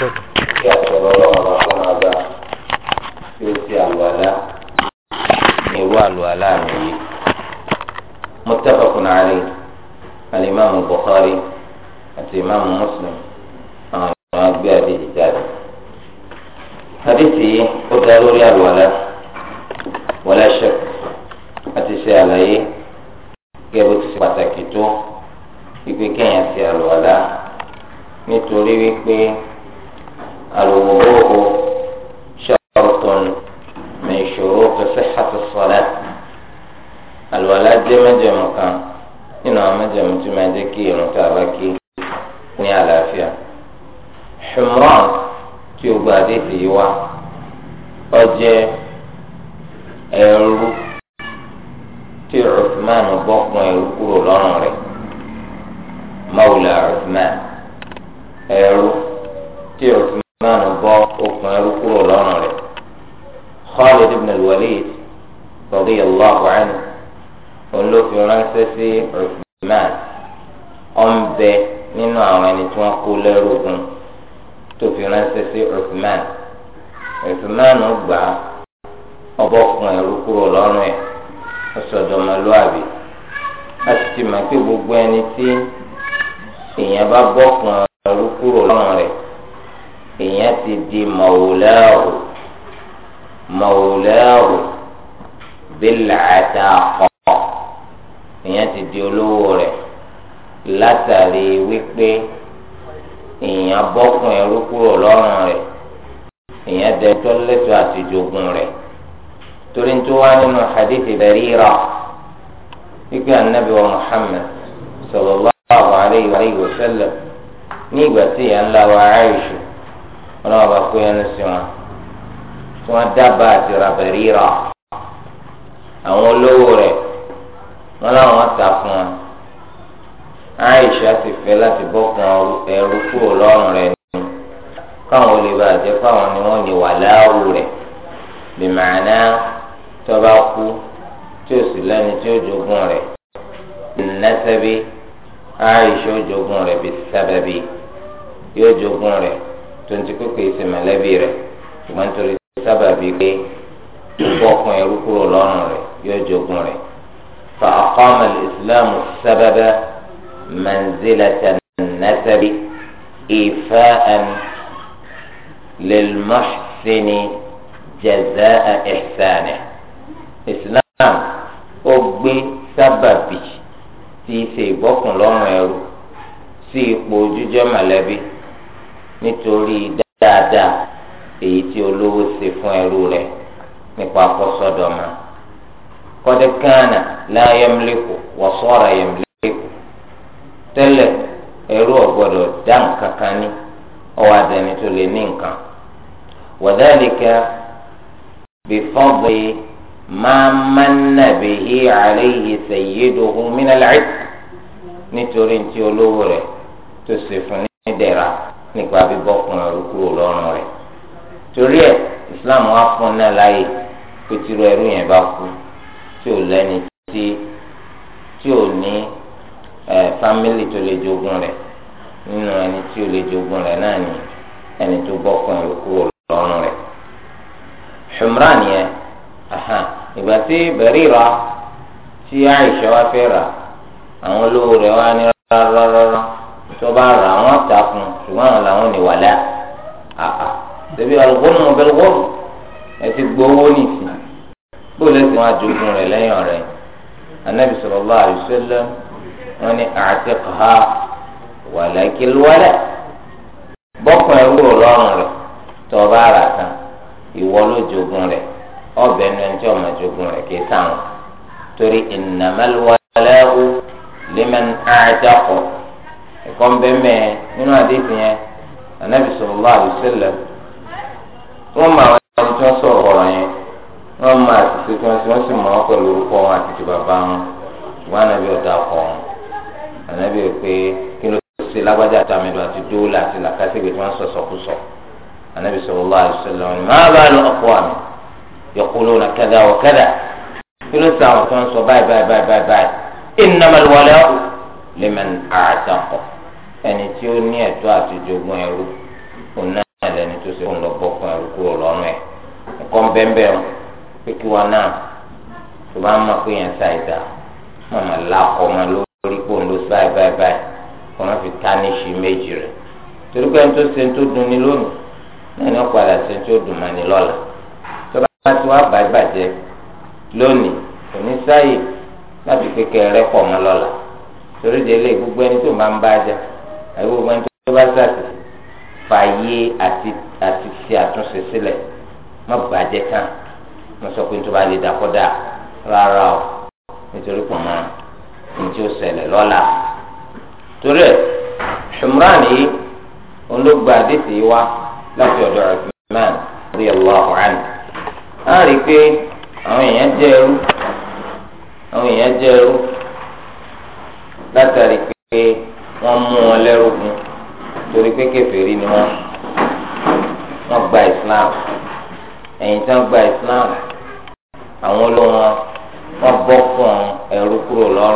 nosotros. aisha ó jogún rẹ̀ bí sábàbí yóò jogún rẹ̀ tonti kókò ìsè mọ̀lẹ́bí rẹ̀ ṣùgbọ́n torí sábàbí pé fọkùn ẹrú kúrò lọ́rùn rẹ̀ yóò jogún rẹ̀ fa aqama al-islam sábàbá manzilata nasabi ifa'an lilmuhsini jazaa ihsane islam ó gbé sábàbí. tí í ṣe ìbọ́kùn lọ́rùn ẹrú sí ipò nitori mọ̀lẹ́bí nítorí dáadáa èyí tí olówó ṣe fún ẹrú rẹ nípa akọ́sọ́dọ̀mọ́ kọ́dẹ́kánà láyẹ̀mílẹ́kù wọ́sọ́ọ̀rọ̀ yẹ̀mílẹ́kù tẹ́lẹ̀ ẹrú ọ̀gbọ́dọ̀ dá nǹkan eru ní ọwọ́ adẹni tó lè ní nǹkan wọ́dálíkà bí fọ́ọ̀bù yìí. ma manna bihi alayhi sayyiduhu min al-'itq nítorí tí olówó rẹ̀ tó ṣe fún ní dẹ̀ra nípa bíbọ́ fún ẹrú kúrò lọ́rùn rẹ̀ torí ẹ̀ islam wá fún náà láàyè pé tírú ẹrú yẹn bá kú tí ò lẹ́ni tí tí ò ní ẹ fámìlì tó lè jogún rẹ̀ nínú ẹni tí ò lè jogún rẹ̀ náà ni ẹni tó bọ́ fún ẹrú kúrò lọ́rùn rẹ̀ Humran yẹn ìgbà tí Barira tí Aisha wá fẹ́ rà àwọn olówó rẹ̀ wá ní rárárárá tó bá rà wọ́n ta fún ṣùgbọ́n àwọn làwọn ní wàlá àhà ṣebí alùpùpù mọ̀ bẹ́ẹ̀ wọ́n ẹ ti gbowó nìsín bó lẹ́sìn wọn àjogún rẹ̀ lẹ́yìn ọ̀rẹ́ anabi sallallahu alaihi wasallam wọn ni a'tiqha walakil wala bọ́kùn ẹrú ọlọ́run rẹ̀ tó bá rà tán ìwọ ló jogún rẹ̀ ọbẹ̀ ní ẹni tí ọmọ ìjogún rẹ̀ kì í sáwọn torí ìnàmẹ́lẹ́wọ́ lẹ́mẹ̀n àjàkọ̀ ẹ̀kọ́ ńbẹ́mẹ́ nínú àdéhùn yẹn ànábì sallallahu alaihi wasallam wọ́n mọ àwọn ẹni tí wọ́n sọ̀rọ̀ ọ̀rọ̀ yẹn wọ́n mọ àtìsí tí wọ́n sì wọ́n sì mọ̀ wọ́n pẹ̀lú orúkọ wọn àti ti bàbá wọn ṣùgbọ́n ànábì ọ̀dà kọ̀ wọn ànábì pé kí ló ṣe lágbájá àtàmìlú àti dóòlà àti làkàṣègbè tí wọ́n sọ̀sọ̀kúsọ̀ ànábì sallallahu alaihi wasallam máa bá lọ ọkọ̀ àmì yaquluna kadha wa kadha kí ló sàn àwọn tó ń sọ báyìí báyìí báyìí báyìí innamal wala'u liman a'taqa ẹni tí ó ní ẹ̀tọ́ àti jogún ẹrú òun náà lẹni tó ṣe ń lọ bọ́ fún ẹrú kúrò lọ́rùn ẹ̀ ẹ̀kọ́ ń bẹ́ẹ̀ bẹ́ẹ̀ pé kí wọn náà tó bá ń mọ̀ pé yẹn ṣàì dá wọn mọ̀ lákọ̀ mọ́ lórí pò ń lọ báyìí báyìí báyìí kò wọ́n fi ká ní ṣe méjì rẹ̀ torí pé ẹni tó ṣe ń tó dunni lónìí náà ni wọ́n padà ṣe ń tó dùn mọ́ni lọ́la láti wá bàá bàjẹ́ lónìí kò ní sáyè láti kékeré rẹ pọ̀ mọ́ lọ́la torí délé gbogbo ẹni tó máa ń bá ajá àbí gbogbo ẹni tó bá sàtì fàyè àti àti ṣe àtúnṣe sílẹ̀ má bàjẹ́ tán wọ́n sọ pé tó bá lè dàkọ́dà rárá o nítorí pọ̀ mọ́ ní tí ó ṣẹlẹ̀ lọ́la torí ẹ̀ Shumran yìí òun ló gba wá láti ọ̀dọ̀ Uthman radiyallahu anhu. á rí i pé àwọn èèyàn jẹ́ ẹrú àwọn èèyàn ẹrú látàrí pé wọ́n mú wọn lẹ́rú torí pé ni wọ́n gba Islam ẹ̀yìn tí gba Islam àwọn olóhùn wọn fún ẹrú kúrò wọn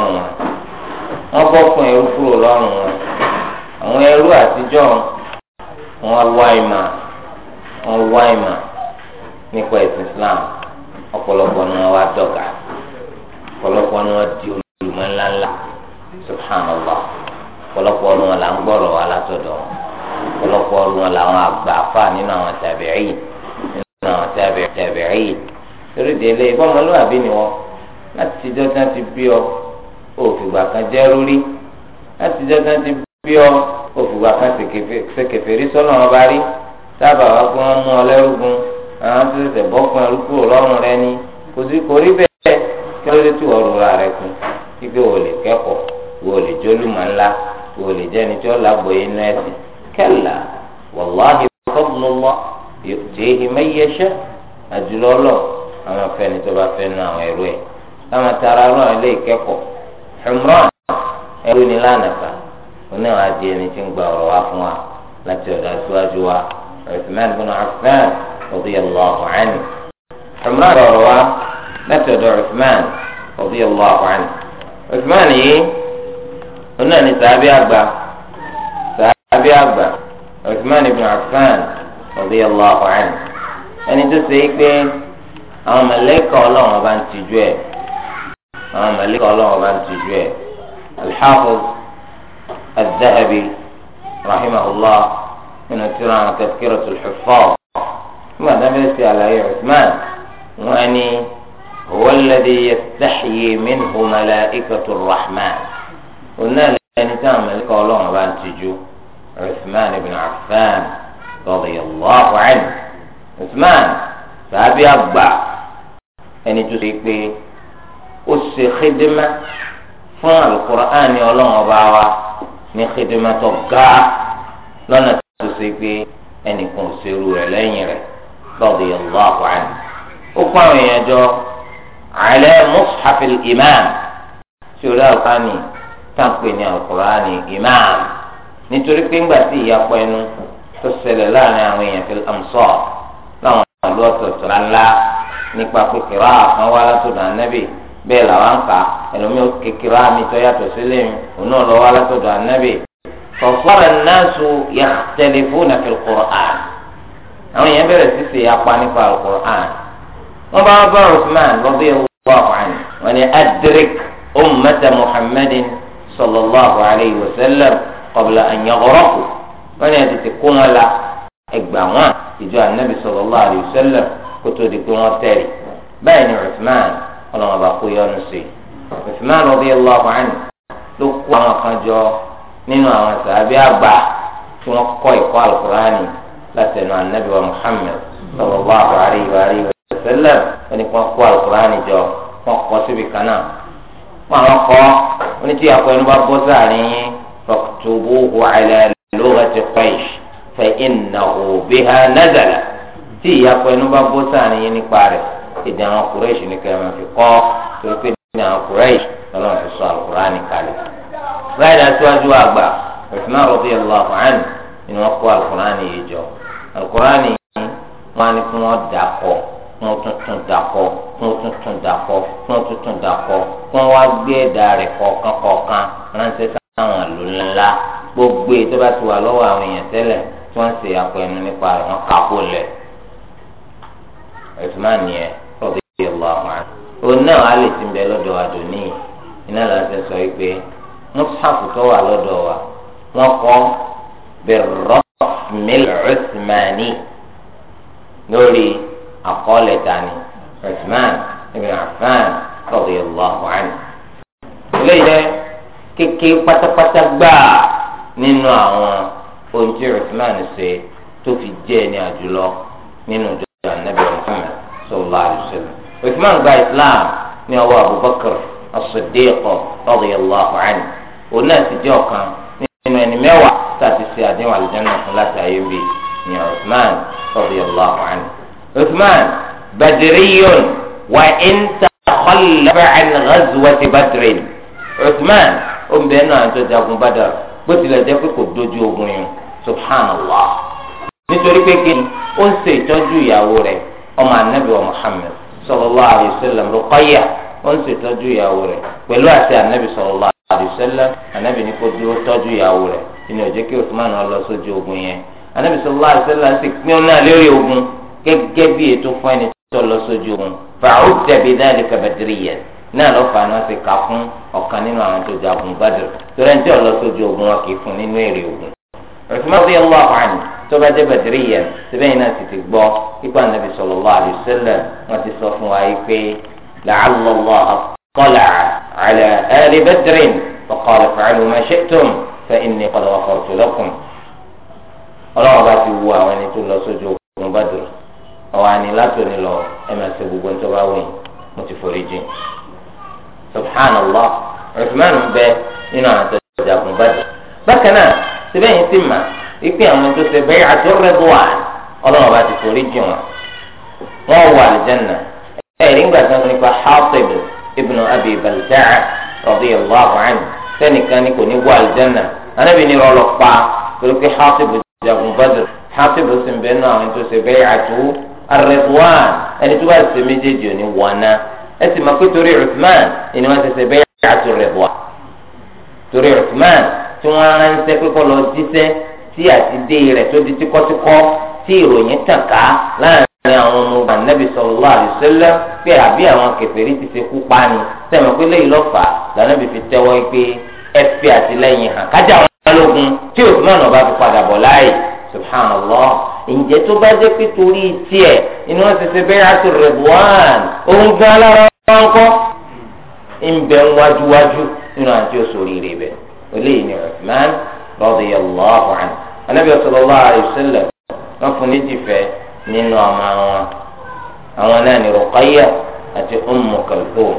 wọ́n bọ́ fún ẹrú kúrò lọ́rùn wọn àwọn ẹrú àtijọ́ wọn wá nípa ẹ̀sìn Islam ọ̀pọ̀lọpọ̀ ni wọ́n wá dọ̀gà ọ̀pọ̀lọpọ̀ ni wọ́n di olùmọ̀ ńláńlá subhanallah ọ̀pọ̀lọpọ̀ ni wọ́n là ń gbọ́rọ̀ wá látọ̀dọ̀ wọn ọ̀pọ̀lọpọ̀ ni wọ́n làwọn àgbà fà nínú àwọn tàbí'ìn nínú àwọn tàbí'ìn torí délé ìbọmọlúwàbí ni wọn láti dọ́tà ti bí ọ òfìgbà kan jẹ́ lórí láti dọ́tà ti bí ọ òfìgbà kan ṣèkèfèrí sọ́nà rí sábà ọ àwọn tó ṣẹ̀ṣẹ̀ bọ́ fún ẹrú kúrò rẹ ni kò sí kò rí bẹ́ẹ̀ kí ló dé tí wọ́n rọra rẹ kún kíkẹ́ wò lè kẹ́kọ̀ọ́ wò lè jólúmọ̀ ńlá wò lè jẹ́ni tí ó lágbo inú ẹ̀sìn kẹ́là wàláhì fọ́bùnúmọ́ yòtìhì mẹ́yẹsẹ́ àjùlọ́lọ́ àwọn afẹ́ni tó bá fẹ́ nu àwọn ẹrú ẹ̀ táwọn tara ọlọ́ ilé ìkẹ́kọ̀ọ́ Imran ẹrú ni lánàfà oníwà di ẹni tí ń gba ọ̀rọ̀ wa fún wa láti ọ̀dọ̀ àtiwájú wa Uthman bin Affan رضي الله عنه عمر روى مسد عثمان رضي الله عنه عثمان هي هنا نتابع أبا تابع أبا عثمان بن عفان رضي الله عنه يعني تسيك أما ليك الله أبان تجوه أما ليك الله أبان تجوه الحافظ الذهبي رحمه الله من تذكرة الحفاظ nígbà tá a fẹ́ ṣe àlàyé Usman wọn á ní wọ́lẹ́dẹ̀ yẹ sáxìyè mẹ́nu ọmọlá ìkàtú rahman ọ̀nà lẹ́ni tí àwọn mẹ́lẹ́kọ̀ ọlọ́run bá ń tijú Usman ibn Affan radiyallahu anhu Usman sàbí àgbà ẹni tó ṣe pé ó ṣe xidima fún alukur'an ọlọ́run ọba wa ní xidima tó ga lọ́nà tó ṣe pé ẹnìkan ò ṣerú rẹ̀ lẹ́yìn rẹ̀ radiyallahu anhu ó kó àwọn èèyàn jọ ala mushaf al-imam tí orí àlùkánì tàǹpé ní àlùkùránì imam nítorí pé ńgbà tí ìyapọ̀ ẹnu tó ṣẹlẹ̀ láàrin àwọn èèyàn fil amsar láwọn àlọ́ ọ̀tọ̀ọ̀tọ̀ ńlá nípa pé kìrá àkàn wá látọ̀dọ̀ ànábì bẹ́ẹ̀ làwọn kà ẹlòmíì kékeré àmì tó yàtọ̀ sílẹ̀ mi òun náà lọ́wọ́ látọ̀dọ̀ ànábì fa sara an-nasu yakhtalifuna fil Qur'an àwọn èèyàn bẹ̀rẹ̀ sí ṣe apá nípa alukur'an wọ́n bá bá usman lọ́bí ẹ̀wọ́ àkùnrin wọn ni adrik ummata muhammadin sallallahu alayhi wa sallam qabla an yaghraqu wọn ni ẹ tètè kó wọn la ẹgbà wọn ìjọ anabi sallallahu alayhi wa sallam kó tó di pé wọn tẹ̀lé báyìí ni usman ọlọ́mọba kó yọnu sí usman lọ́bí ẹ̀wọ́ àkùnrin ló kó àwọn kan jọ nínú àwọn sàbí àgbà tí wọ́n kọ́ ìkọ́ alukur'ani látẹnu anabi wa muhammed sallallahu alayhi wa alayhi wa sallam ẹni kí wọn kó alukurani jọ wọn kọ síbi kan náà wọn àwọn kọ wọn ti àkọ ẹnu bá bọ sáàrin yín faktubuhu ala lughati qaish fa innahu biha nazala tí ìyàpọ ẹnu bá bọ sáàrin yín nípa rẹ̀ èdè àwọn kùrẹ́ṣì ní kẹrin fi kọ́ torí pé ní àwọn kùrẹ́ṣì lọ́nà ti sọ alukurani kalẹ̀ báyìí dáa síwájú àgbà Uthman radiyallahu anhu ni wọ́n kó alukurani yìí jọ alukurani wọn ni kí wọn dàkọ kí wọn tuntun dàkọ kí wọn tuntun dàkọ kí wọn tuntun dàkọ kí wọn wá gbé ẹ̀dà rẹ̀ kọ̀ọ̀kan kọ̀ọ̀kan ránṣẹ́ sáwọn ìlú ńlá gbogbo ètò bá ti wà lọ́wọ́ àwọn èèyàn tẹ́lẹ̀ tí wọn ṣe àpẹnu nípa rẹ̀ wọn kàkó lẹ ẹsùn náà nìyẹn lọdọ yìí lọ àwọn àná òun náà á lè ti bẹ lọ́dọ̀ wa dùn níyì iná là ń sẹ sọ wípé mùsàfù tó wà lọ́dọ̀ wa wọn kọ bẹrọ ismail usmani lórí àkọọ́lẹ̀ tani usman ibn affan radiyallahu anhu. ilé yẹ kéke pátápátá gbáà nínú àwọn ohun tí usman ṣe tó fi jẹ́ ẹni àjùlọ nínú ìjọba anabi muhammad sallallahu alayhi wa sallam. usman gba islam ní ọwọ́ abubakar as-siddiq radiyallahu anhu. òun náà ti jẹ́ ọ̀kan nínú ẹni mẹ́wàá láti ṣe àdéhùn àlùjáná fún láti ayé bi ní Uthman radiyallahu anhu Uthman badriyun wa in takhallaba an ghazwati badrin Uthman ó ń bẹ́ẹ̀ náà tó jagun Badr bó tilẹ̀ jẹ́ pé kò dojú ogun yẹn subhanallah nítorí pé kí ó ń ṣe ìtọ́jú ìyàwó rẹ̀ ọmọ anabi wa Muhammad sallallahu alayhi wa sallam Ruqayya ó ń ṣe ìtọ́jú ìyàwó rẹ̀ pẹ̀lú àti anabi sallallahu àdìsẹ́lẹ̀ anábì ní kó di ó tọ́jú ìyàwó rẹ̀ ìní òjé kí Usman lọ sójú ogun yẹn anábì sọlá àdìsẹ́lẹ̀ ń ti pín ọ́n náà lórí ogun gẹ́gẹ́ bí ètò fún ẹni tó lọ sójú ogun fàáhùn tẹ̀bi náà lè kàbẹ̀tìrì yẹn náà lọ́ fà náà ti kà fún ọ̀kan nínú àwọn tó jagun Badr torí ẹni tí ó lọ sójú ogun wọn kì í fún nínú èrè ogun Usman bí bá طلع على آل بدر فقال افعلوا ما شئتم فإني قد غفرت لكم ọlọ́run bá ti wu àwọn ẹni tó lọ sójú ogun bàdùrù àwọn àní látòní lọ ẹ máa ṣe gbogbo nítorí wá wọ̀nyí mo ti forí jìn subhanallah Uthman ń bẹ nínú àwọn àtẹ̀jọ́ ìjàgùn bàdùrù. bákan náà síbẹ̀ yìí ti mà ìpín àwọn tó ṣe bẹ́ẹ̀ àti ọ̀rẹ́bù wà ọlọ́run bá ti forí jìn wọn. wọ́n wà àlùjànnà ẹ̀rí ń gbà tí wọ́n ti nípa Hatib bẹ̀rẹ̀ ibnu abi balta'a radiyallahu anhu sẹ́nìkan ni kò ní wọ aljanna anabi ni rọlọ pa torí pé hasibu jagun badr hasibu sì ń bẹ nù àwọn tó ṣe bẹ́ẹ̀ àtú arẹ́fúwàn ẹni tó bá ṣe méjèèjì ò ní wọ̀nà ẹ sì máa pé torí Uthman ni wọ́n ṣe ṣe bẹ́ẹ̀ àtú torí Uthman tí wọ́n ránṣẹ́ pé kọ́ lọ jíṣẹ́ tí àtidé rẹ̀ tó di tíkọ́tíkọ́ tí ìròyìn tàn ká láàrin ní àwọn ọmọ ogun anabi sallallahu alaihi wasallam pé àbí àwọn kèfèrí ti ṣe kú pa ni sẹmọ pé lẹ́yìn lọfà lànàbì fi tẹ́wọ́ pé ẹ fi àtìlẹ́yìn hàn kájà wọn lógun tí Usman ọba fi padà bọ̀ láàyè subhanallah ǹjẹ́ tó bá jẹ́ pé torí tiẹ̀ inú wọn ti ṣe bay'atu ridwan òun gan alára wọn kọ́ ń bẹ wájúwájú nínú àti òṣòrí rẹ̀ bẹ̀ eléyìí ni Usman radiyallahu anhu anabi nínú ọmọ wọn àwọn náà ní Ruqayya àti Ummu Kulthum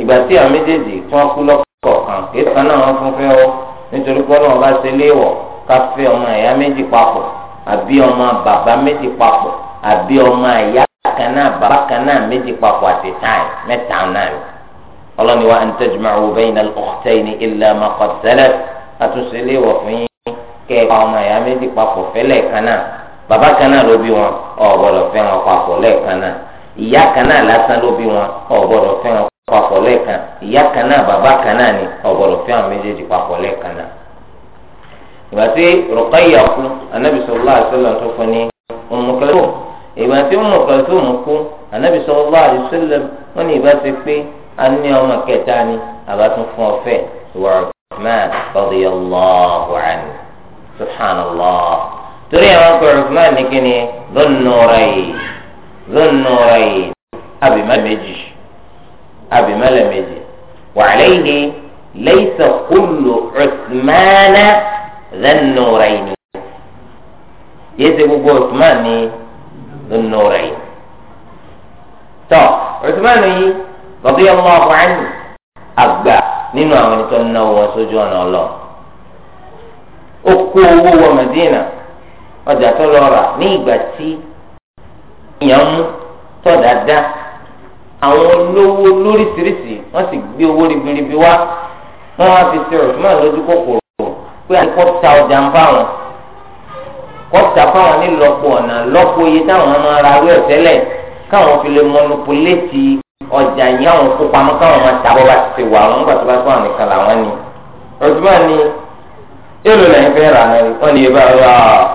ìgbà tí àwọn méjèèjì tí wọ́n kú lọ́kọ̀ọ̀kan kìí kan náà wọ́n fún fẹ́ ọ nítorí pé Ọlọ́run bá ṣe léèwọ̀ ká fẹ́ ọmọ ẹ̀yà méjì papọ̀ àbí ọmọ bàbá méjì papọ̀ àbí ọmọ ẹ̀yà kan náà bàbá kan náà méjì papọ̀ àti táì mẹ́ta náà ni ọlọ́ni wa an tajma'u bayna al-ukhtayni illa ma qad salaf àtúnṣe léèwọ̀ fún yín kẹ́ ọmọ ẹ̀yà méjì papọ̀ fẹ́lẹ̀ kan náà bàbá kan náà ló bí wọn ò gbọ́dọ̀ fẹ́ wọn papọ̀ lẹ́ẹ̀kan náà ìyá kan náà lásán ló bí wọn ò gbọ́dọ̀ fẹ́ wọn papọ̀ lẹ́ẹ̀kan ìyá kan náà bàbá kan náà ni ò gbọ́dọ̀ fẹ́ wọn méjèèjì papọ̀ lẹ́ẹ̀kan náà. ìgbà tí Ruqayya kú anabi sallallahu alaihi wasallam tó fún ní Ummu Kulthum ìgbà tí Ummu Kulthum kú anabi sallallahu alaihi wọn ní ìbá ti pé a ọmọ kẹta ni àbá tún fún ọfẹ ìwà Uthman radiyallahu subhanallah. torí àwọn ọkọ Uthman ní kíni Dhun-Nurayn Dhun-Nurayn abìmá méjì abìmá lẹ méjì wa alayhi kullu Uthman Dhun-Nurayn yéésì gbogbo Uthman ní Dhun-Nurayn tọ Uthman yìí radiyallahu anhu àgbà nínú àwọn ènìtọ́ náwó sójú ọ̀nà ọlọ́ ó kó ọjà tó lọ rà ní ìgbà tí èèyàn mú tọ́jà dá àwọn olówó lóríṣiríṣi wọ́n sì gbé owó ribiribi wá wọ́n wá fi ṣe Usman lójú kòkòrò pé àtikọ́ ta ọjà ń bá wọn kọ́ta fáwọn nílọ́pọ̀ ọ̀nà lọ́pọ̀ iye táwọn máa ra awé ọ̀tẹ́lẹ̀ káwọn fi lè mọnupuléètì ọjà yẹn àwọn kó pamọ́ káwọn máa ta bọ́ bá ti ṣe wà wọn nígbà tó bá tó àwọn nìkan làwọn ni. ọ̀túnmọ̀ ni èlò lẹ́yìn fẹ́ rà náà wọ́n ní ibà rà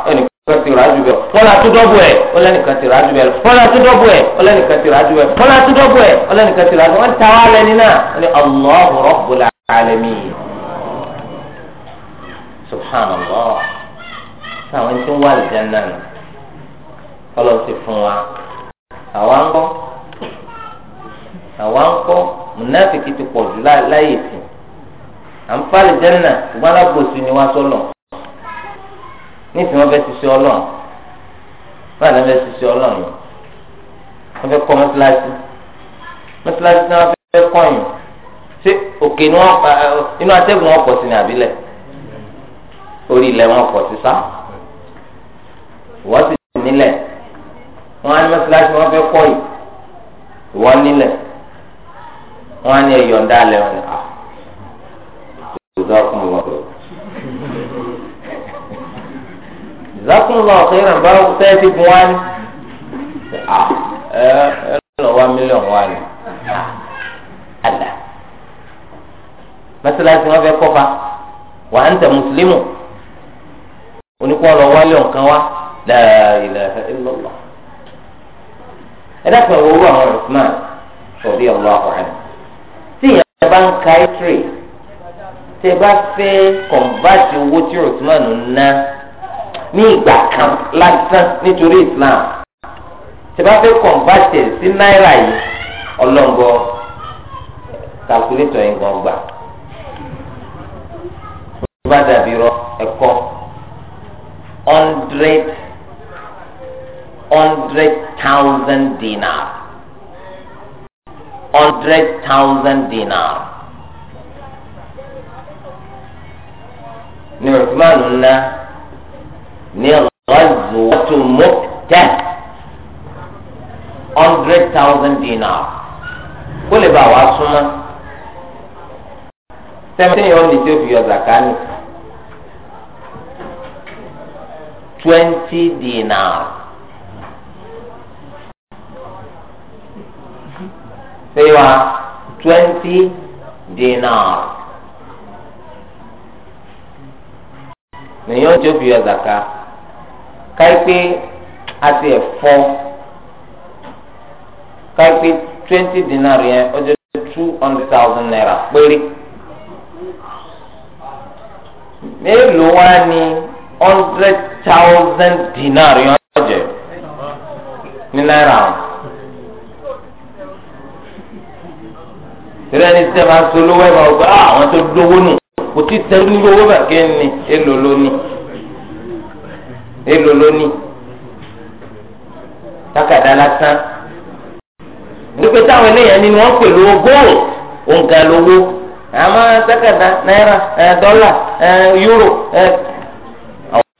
ọ́ ní kan ti ràájú bẹ fọlá tó dọ́bù ẹ ọlẹ́nìkan ti ràájú bẹ fọlá tó dọ́bù ẹ ọlẹ́nìkan ti ràájú bẹ fọlá tó dọ́bù ẹ ọlẹ́nìkan ti ràájú bẹ wọ́n ta wá lẹ́ni náà wọ́n ní Allahu Rabbul Alamin subhanallah táwọn ẹni tó ń wá àlùjáná nù kọ́lọ́ ti fún wa àwa ń kọ́ àwa ń kọ́ múnáfìkì ti pọ̀ jù láyé à ń fa àlùjáná ṣùgbọ́n alábòsí ni wá sọ́nà nísìnyí wọ́n fẹ́ ti ṣe ọlọ́run wọ́n àná fẹ́ ti ṣe ọlọ́run wọ́n fẹ́ kọ́ mọ́tíláṣí mọ́tíláṣí náà wọ́n fẹ́ kọ́yìn ṣé òkè inú atẹ́gùn wọn pọ̀ sí ní àbílẹ̀ orí ilẹ̀ wọn pọ̀ sí sá wọ́n sì nílẹ̀ wọ́n á ní mọ́tíláṣí wọ́n fẹ́ kọ́yìn wọ́n nílẹ̀ wọ́n á ní ẹ̀yọ̀ǹda alẹ́ wọn ni à. Ah. lọ́kùnrin náà ọ̀sẹ̀ ìrànbá fẹ́ẹ́ ti gun wá ní. Ah, ẹ ẹ lọ wá mílíọ̀nù wá ní. àlà mẹsàlásì wọn fẹ́ kọ́fà wà á ń tẹ mùsùlùmù oníkó lọ wálé ọ̀kan wá la ilaha illallah. ẹ dákun ìwọ owó àwọn Usman sọ̀bí ọ̀lọ́ àkọ́rẹ́ tí ìyẹn bá ń ka ẹ́ tírè tẹ bá fẹ́ kọ̀ǹbáàtì owó tí Usman ná ní ìgbà kan lásán nítorí islam tẹ́bàfẹ́ kọ̀ǹbàṣẹ̀ sí náírà yìí ọlọ́ngọ kàkúlétọ̀ yẹn gan gbà tó bá dàbí rọ ẹ̀kọ́ hundred hundred thousand dinar hundred thousand dinar ní ọ̀sùnmáà ló ná ní ghazwatu Mu'tah hundred thousand dinar kó lè bá wa súnmọ́ seventeen yóò ní tí ó fi yọ zaka twenty dinar ṣé wa twenty dinar nìyẹn tí ó fi yọ zaka káyipé àti ẹ̀fọ́ káyipé twenty dinar yẹn ó two hundred thousand naira péré mélòó wá ní hundred thousand dinar yẹn ó jẹ́ ní náírà o tẹ́lẹ̀ ní sẹ́ẹ̀ máa ń so lówó ẹ̀ máa ah, gbọ́ àwọn tó lówó nù kò tí ì tẹ́lẹ̀ ní lówó bàgẹ́ ni èlò lónìí nílò lónìí tákàdá lásán nígbà táwọn eléyàn ni wọ́n pè lówó góòlù òǹkà lówó àmọ́ tákàdá náírà dọ́là yúrò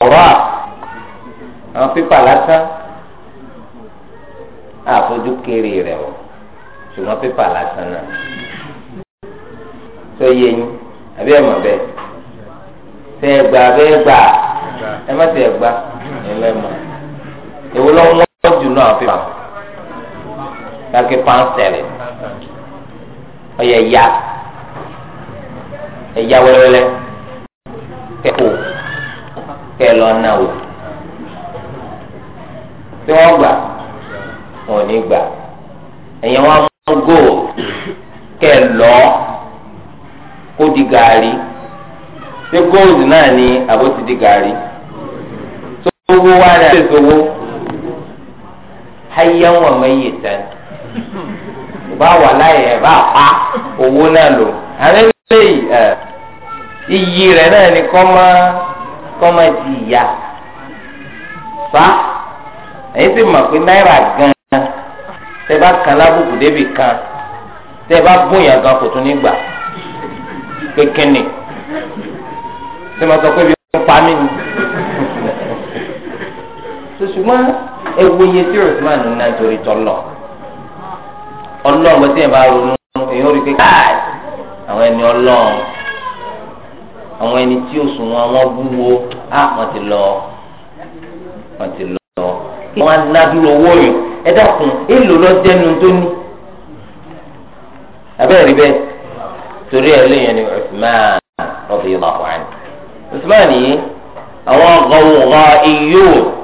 ọ̀rọ̀ àwọn pépà lásán àfojú kéré rẹ̀ o ṣùgbọ́n pépà lásán náà sọ yẹ yín àbí ẹ̀ mọ̀ bẹ́ẹ̀ tẹ́ ẹ gbà bẹ́ẹ̀ gbà ẹ má tẹ́ ẹ gbà ẹlẹ́mọ̀ èwo lọ wọ́n jù náà fi hàn kàkí pàǹsẹ̀lì ọ̀yẹ̀ ya ẹ̀yà wẹ́rẹ́lẹ́ kẹ́kọ̀ọ́ kẹ́ lọ náà wò tí wọ́n gbà wọn ò ní gbà ẹ̀yẹ̀ wọn mú góò kẹ́ lọ́ọ́ kó di gàárì ṣé góòlù náà ni àbó ti di gàárì owó wa náà lè sọ ayé wọn mọ iye tán bá wà láyé ẹ bá pa owó náà lò àwọn eléyìí ẹ iyì rẹ náà ni kọ́ máa kọ́ máa di ìyá fa èyí sì mọ̀ pé náírà gan-an bá kan lábùkù débì kan tẹ́ bá gbóyà gan kò tún ní gbà pé kínni tí mo sọ pé bí wọ́n pa mí ni ṣùgbọ́n ewu iye tí Usman ń ná nítorí tọ́lọ̀ ọlọ́run tí ẹ̀ bá ronú èèyàn rí pé káàdì àwọn ẹni ọlọ́run àwọn ẹni tí òṣùwọ̀n wọn wúwo á wọ́n ti lọ wọ́n ti lọ wọ́n á nádúró owó yìí ẹ dákun èèlò lọ jẹ́nu tó ní abẹ́rẹ́ rí bẹ́ẹ̀ torí ẹ̀ lẹ́yìn ni Usman radiyallahu anhu Usman yìí àwọn gọ̀wọ̀ gọ̀ iyóò.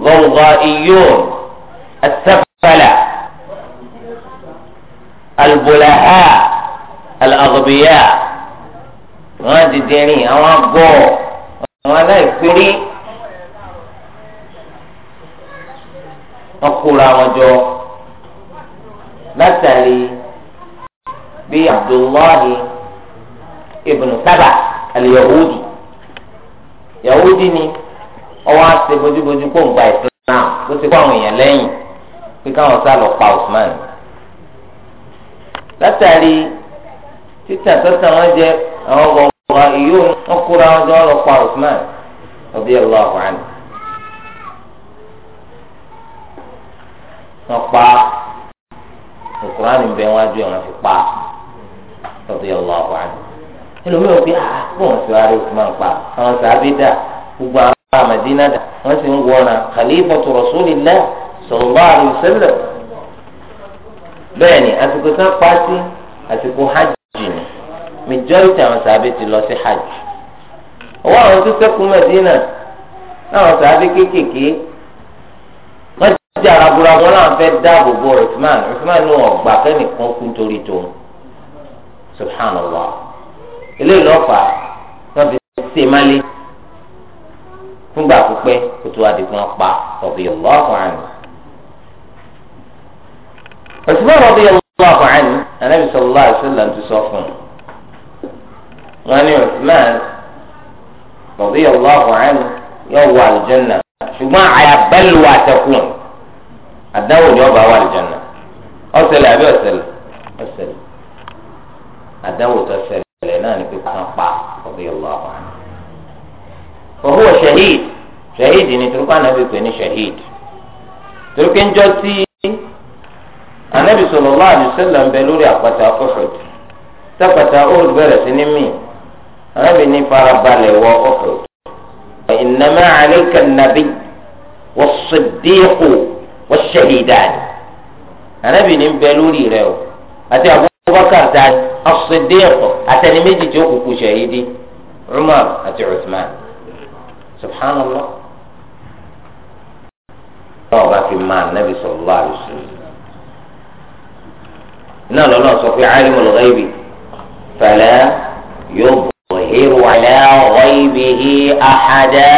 الضوضائيون السفلة البلهاء الأغبياء wọ́n ti dẹrin àwọn agbọ́ àwọn aláìpéré wọ́n kóra wọn jọ látàrí bí abdullahi ibn saba al-yahudi yahudi ni ọwọ́ àti bójúbójú kó ń gba Islam ó ti kó àwọn èèyàn lẹ́yìn pé káwọn sá lọ pa Usman. látàrí títà tọ́tà wọn jẹ àwọn ọgbọ̀ngbọ̀n ìyó wọn kóra wọn jọ lọ pa Usman radiyallahu anhu. wọn pa Al-Qur'an bẹ wọn ju wọn fi pa radiyallahu anhu. ẹlòmíràn bí a bọ̀ wọn sọ Usman pa àwọn sàbẹ̀dà gbogbo àwọn àwọn Madina dà wọ́n sì ń wọ́nà khalifatu rasulillah sallallahu alaihi wasallam bẹ́ẹ̀ ni àsìkò tá a pa sí àsìkò hajj ni majority àwọn sàbẹ̀ ti lọ sí hajj owó àwọn tó sẹ́kù Madina náà sàbẹ̀ kéékèèké wọ́n ti jẹ́ araburabu wọn náà fẹ́ dáàbò bo Usman Usman ní ọgbà kẹ́nìkan kú nítorí tòun subhanallah eléyìí lọ́fà wọ́n fi ṣe máa lé fúngbà pípẹ́ kó tó adigun apá ọ̀bì ọ̀lọ́ àkùnrin. òṣùwọ̀n ọ̀bì ọ̀lọ́ àkùnrin anábì sọ̀rọ̀ àṣìlá ti sọ fún un. wọ́n ní Usman ọ̀bì ọ̀lọ́ àkùnrin yóò wọ àlùjẹ́nà ṣùgbọ́n àyàbẹ́lù àtẹkùn àdáwò ni ọba wà àlùjẹ́nà ọ̀sẹ̀lẹ̀ àbí ọ̀sẹ̀lẹ̀ ọ̀sẹ̀lẹ̀ àdáwò tó ṣẹlẹ̀ náà ni pé kàn فهو شهيد شهيد ni turkwa anabi pè ní shahid turkwa njọ tí anabi sallallahu alaihi wasallam bẹ lórí àpáta Uhud tápáta Uhud bẹ̀rẹ̀ sí ní mì anabi ní farabalẹ̀ wọ Uhud. innama alayka an-nabi was-siddiq wash-shahidan anabi ní bẹ lórí rẹ o àti abubakar ta as-siddiq tí ó kúkú shahidi umar àti uthman subhanallah náà bá fi máa nẹ́bí sallallahu alaihi wasallam náà lọ́nà sọ pé alimul ghaibi fala yuzhiru ala ghaibihi ahada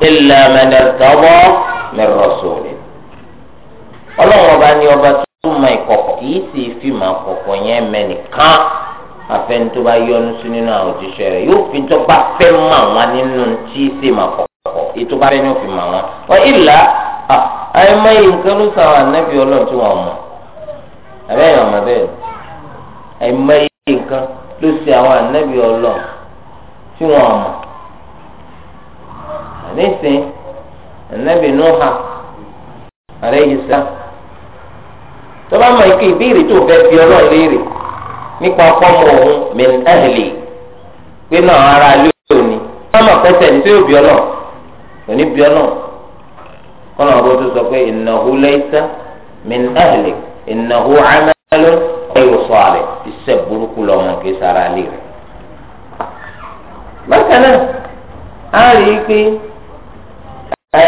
illa man irtada min rasulih ọlọ́run ọba ní ọba tó máa ìkọ̀kọ̀ kì í sì fi máa kọ̀kọ̀ yẹn mẹ́nìkan afẹ́ni tó bá yọnu sí nínú àwọn òjíṣẹ́ rẹ̀ yóò fi tọ́gbà fẹ́ mọ àwọn nínú tí í ṣe mà kọ̀kọ̀ ètò bá fẹ́ ní òfin mà wọn. wọ́n ìlà àìmọye nǹkan ló sàwọn ànábì ọlọ́run tí wọ́n mọ̀ àbẹ́yẹn ọmọ bẹ́ẹ̀ àìmọye nǹkan ló ṣe àwọn ànábì ọlọ́run tí wọ́n mọ̀ nísìn ànábì nùhà àrẹ́yìísá tó bá mọ̀ ike ìbéèrè tó fẹ́ fi ọlọ́run léèrè nípa ọpọmọ òun min ahli pé náà ara ilé òní sọmọ pẹsẹ ní tí yóò bí ọ náà òní bí ọ náà kọ́nà ọ̀bọ tó sọ pé innahu laysa min ahli innahu amalun ghayru salih iṣẹ́ burúkú lọ́mọ kì í sara ilé rẹ̀. bákan náà a rí i pé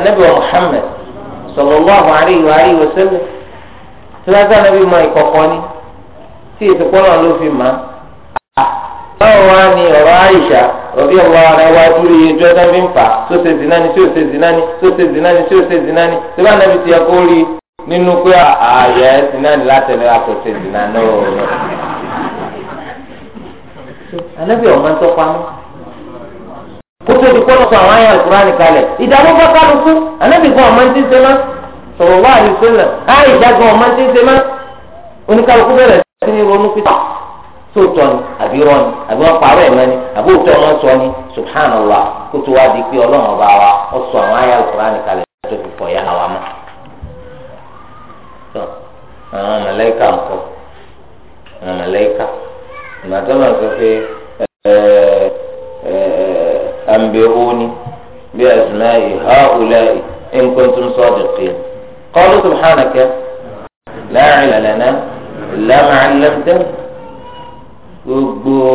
anabi Muhammad sallallahu alayhi wa sallam tí wọ́n sá anabi mọ ìkọ̀kọ̀ ni tí ìsopọ́nà ló fi mà á. báwo wá ni ọ̀rọ̀ àyíṣà rọ̀bí ọ̀wá ara wa dúró iye jọ́ náà fi ń fà tó ṣe zina ni tí ò ṣe zina ni tó ṣe zina ni tí ò ṣe zina ni tí wọ́n náà fi tiẹ̀ kó rí nínú pé ààyè zina ni látẹ̀lé àpò ṣe zina náà. ànábì ọ̀mọ ń tọ́pa mọ́ kótó ti kọ́ lọ́sọ̀ àwọn àyàn ìkúránì kalẹ̀ ìdààmú bá kálukú ànábì gan ọ̀mọ ń ti ń ṣe mọ́ sọ̀rọ̀ wá àyè sọ́nà àyè ìdá gan ẹni ronú pítà sóòtọ́ ni àbí rọ́ ni àbí wọ́n parọ́ ẹ̀ mẹ́ni àbí òótọ́ wọn sọ ni subhanallah kó tó wá di pé ọlọ́run ọba wa ó sọ àwọn ayé alukurani kalẹ̀ tó fi fọ̀ ya àwa mọ́. àwọn mẹlẹ́kà ń àwọn mẹlẹ́kà ìgbà náà sọ pé أنبئوني بأسماء هؤلاء إن كنتم صادقين قالوا سبحانك لا علم لنا lama máa gbogbo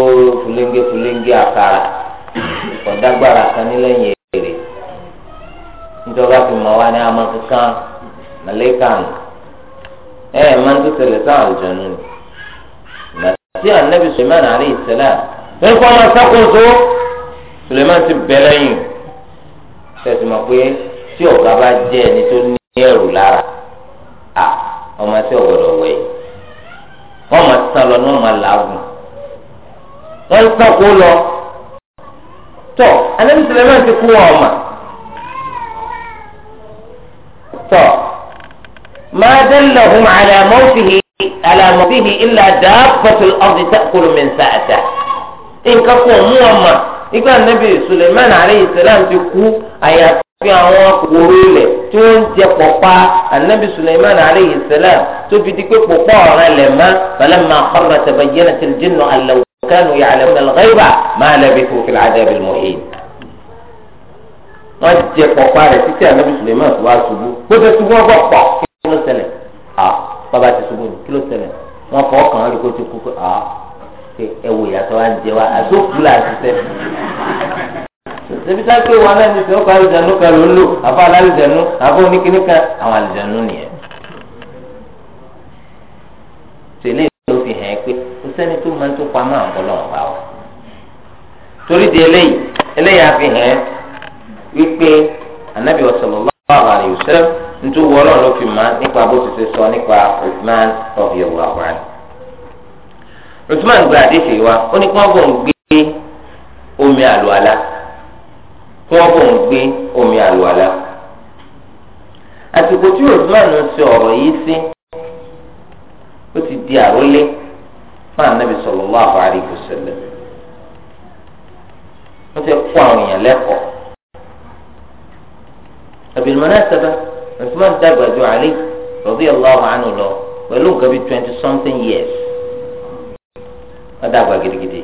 fúlẹ́ńgẹ́ fúlẹ́ńgẹ́ àkàrà ọ̀dàgbàrà kan nílẹ̀yìn èrè nítorí àti mọ̀ wá ní àmọ́ kankan mẹ́lẹ́kàn ẹ̀ ẹ̀ máa ń tó sáà ni. Suleiman alayhi salam lórí ọmọ Suleiman ti bẹ̀ pé tí bá ẹni tó wọ́n máa sálọ ní wọ́n máa làágùn wọ́n ń sàkó lọ tọ anabi sulaiman ti kú wọn ọmọ tọ máa dẹ́lẹ̀ hùm àlàmọ́fìhì àlàmọ́fìhì ilà dáàbọ̀tìl ọ̀dì tàkùrù mi nsàtà nǹkan kò mú ọmọ nígbà anabi sulaiman alayhi salam ti kú àyàfi àwọn kòkòrò ilẹ̀ tí wọ́n ń jẹ pọ̀pá anabi suleiman aleyhi salam tó fi di pé pọ̀pá ọ̀ràn lẹ̀ mọ́ falamma kharra tabayyanat al-jinnu an law kanu ya'lamuna al-ghayba ma labithu fil adhabi al-muhin. wọ́n jẹ pọ̀pá rẹ̀ títí anabi suleiman tó wá ṣubú gbogbo ṣubú wọn pọ̀ kí ló ṣẹlẹ̀ bàbá ti ṣubú ni kí ló ṣẹlẹ̀ wọn fọ ọkàn rẹ̀ ti kú pé à ẹ̀wò ìyàtọ̀ ṣebí sáà pé wọn náà ní sọ ọkọ alìjẹnu kan ló ń lò àbá alìjẹnu àbá oníkíní kan àwọn alìjẹnu nìyẹn. tẹ̀lé fi hàn pé kò sẹ́ni tó máa ń tó pamọ́ wa. torí di eléyìí eléyìí á fi hàn wípé anabi sallallahu alaihi wasallam nítorí wọ́n náà ló fi mọ̀ nípa bó ti ṣe sọ nípa gba kí wọ́n bò ń gbé omi àlùwàlá. àsìkò tí Usman ń sọ ọ̀rọ̀ yìí sí ó ti di àrólé fún Ànábì sallallahu alaihi wasallam. wọ́n ti kó àwọn èèyàn lẹ́kọ̀ọ́. bil munasaba Usman dàgbà ju Ali radiyallahu anhu lọ pẹ̀lú nǹkan bíi twenty something years. wọ́n dàgbà gidigidi.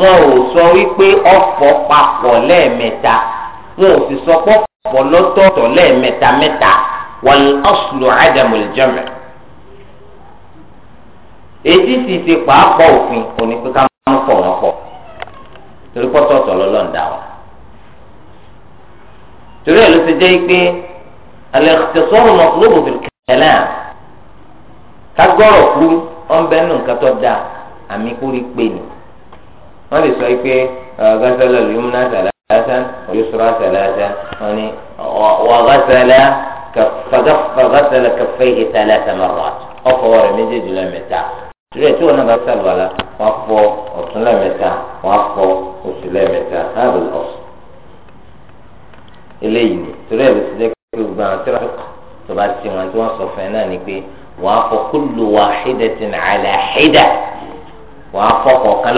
wọn ò sọ wípé ọ̀fọ̀ papọ̀ lẹ́ẹ̀mẹ́ta wọn ò sì sọ pé ọ̀fọ̀ lọ́tọ̀ọ̀tọ̀ lẹ́ẹ̀mẹ́ta mẹ́ta wal aslu adamul jam' èyí sì ṣe pàápọ̀ òfin òní pé ká mú pọ̀ wọn pọ̀ torí pọ́tọ̀ọ̀tọ̀ lọ́lọ́ǹda wọn. torí ẹ̀ ló ti jẹ́ pé al-ikhtisar matlub fil-kalam ká gbọ́rọ̀ kú ọ̀nbẹ́nu nǹkan tó dáa àmì kúrí pé ni. wọ́n lè sọ pé gásálà lùmúnà sàlásà òyùsùrà sàlásà wọ́n ní wà gásálà fagásálà kàfẹ́yì sàlásà mọ̀rọ̀ ọ̀fọwọ́ rẹ̀ méjèèjì lẹ́mẹ̀ta torí ẹ̀ tí wọn náà bá sàlùwàlà wọ́n fọ ọ̀tún lẹ́mẹ̀ta wọ́n fọ oṣù lẹ́mẹ̀ta láàbù ọ̀sùn eléyìí ni torí gasala ẹ̀ ló ti jẹ́ pé gbogbo àwọn tíra tó bá ti wọn tí wọ́n sọ fẹ́ eleyi ni pé wọ́n á fọ kullu wahidatin ala hida wọ́n á fọ kọ̀ọ̀kan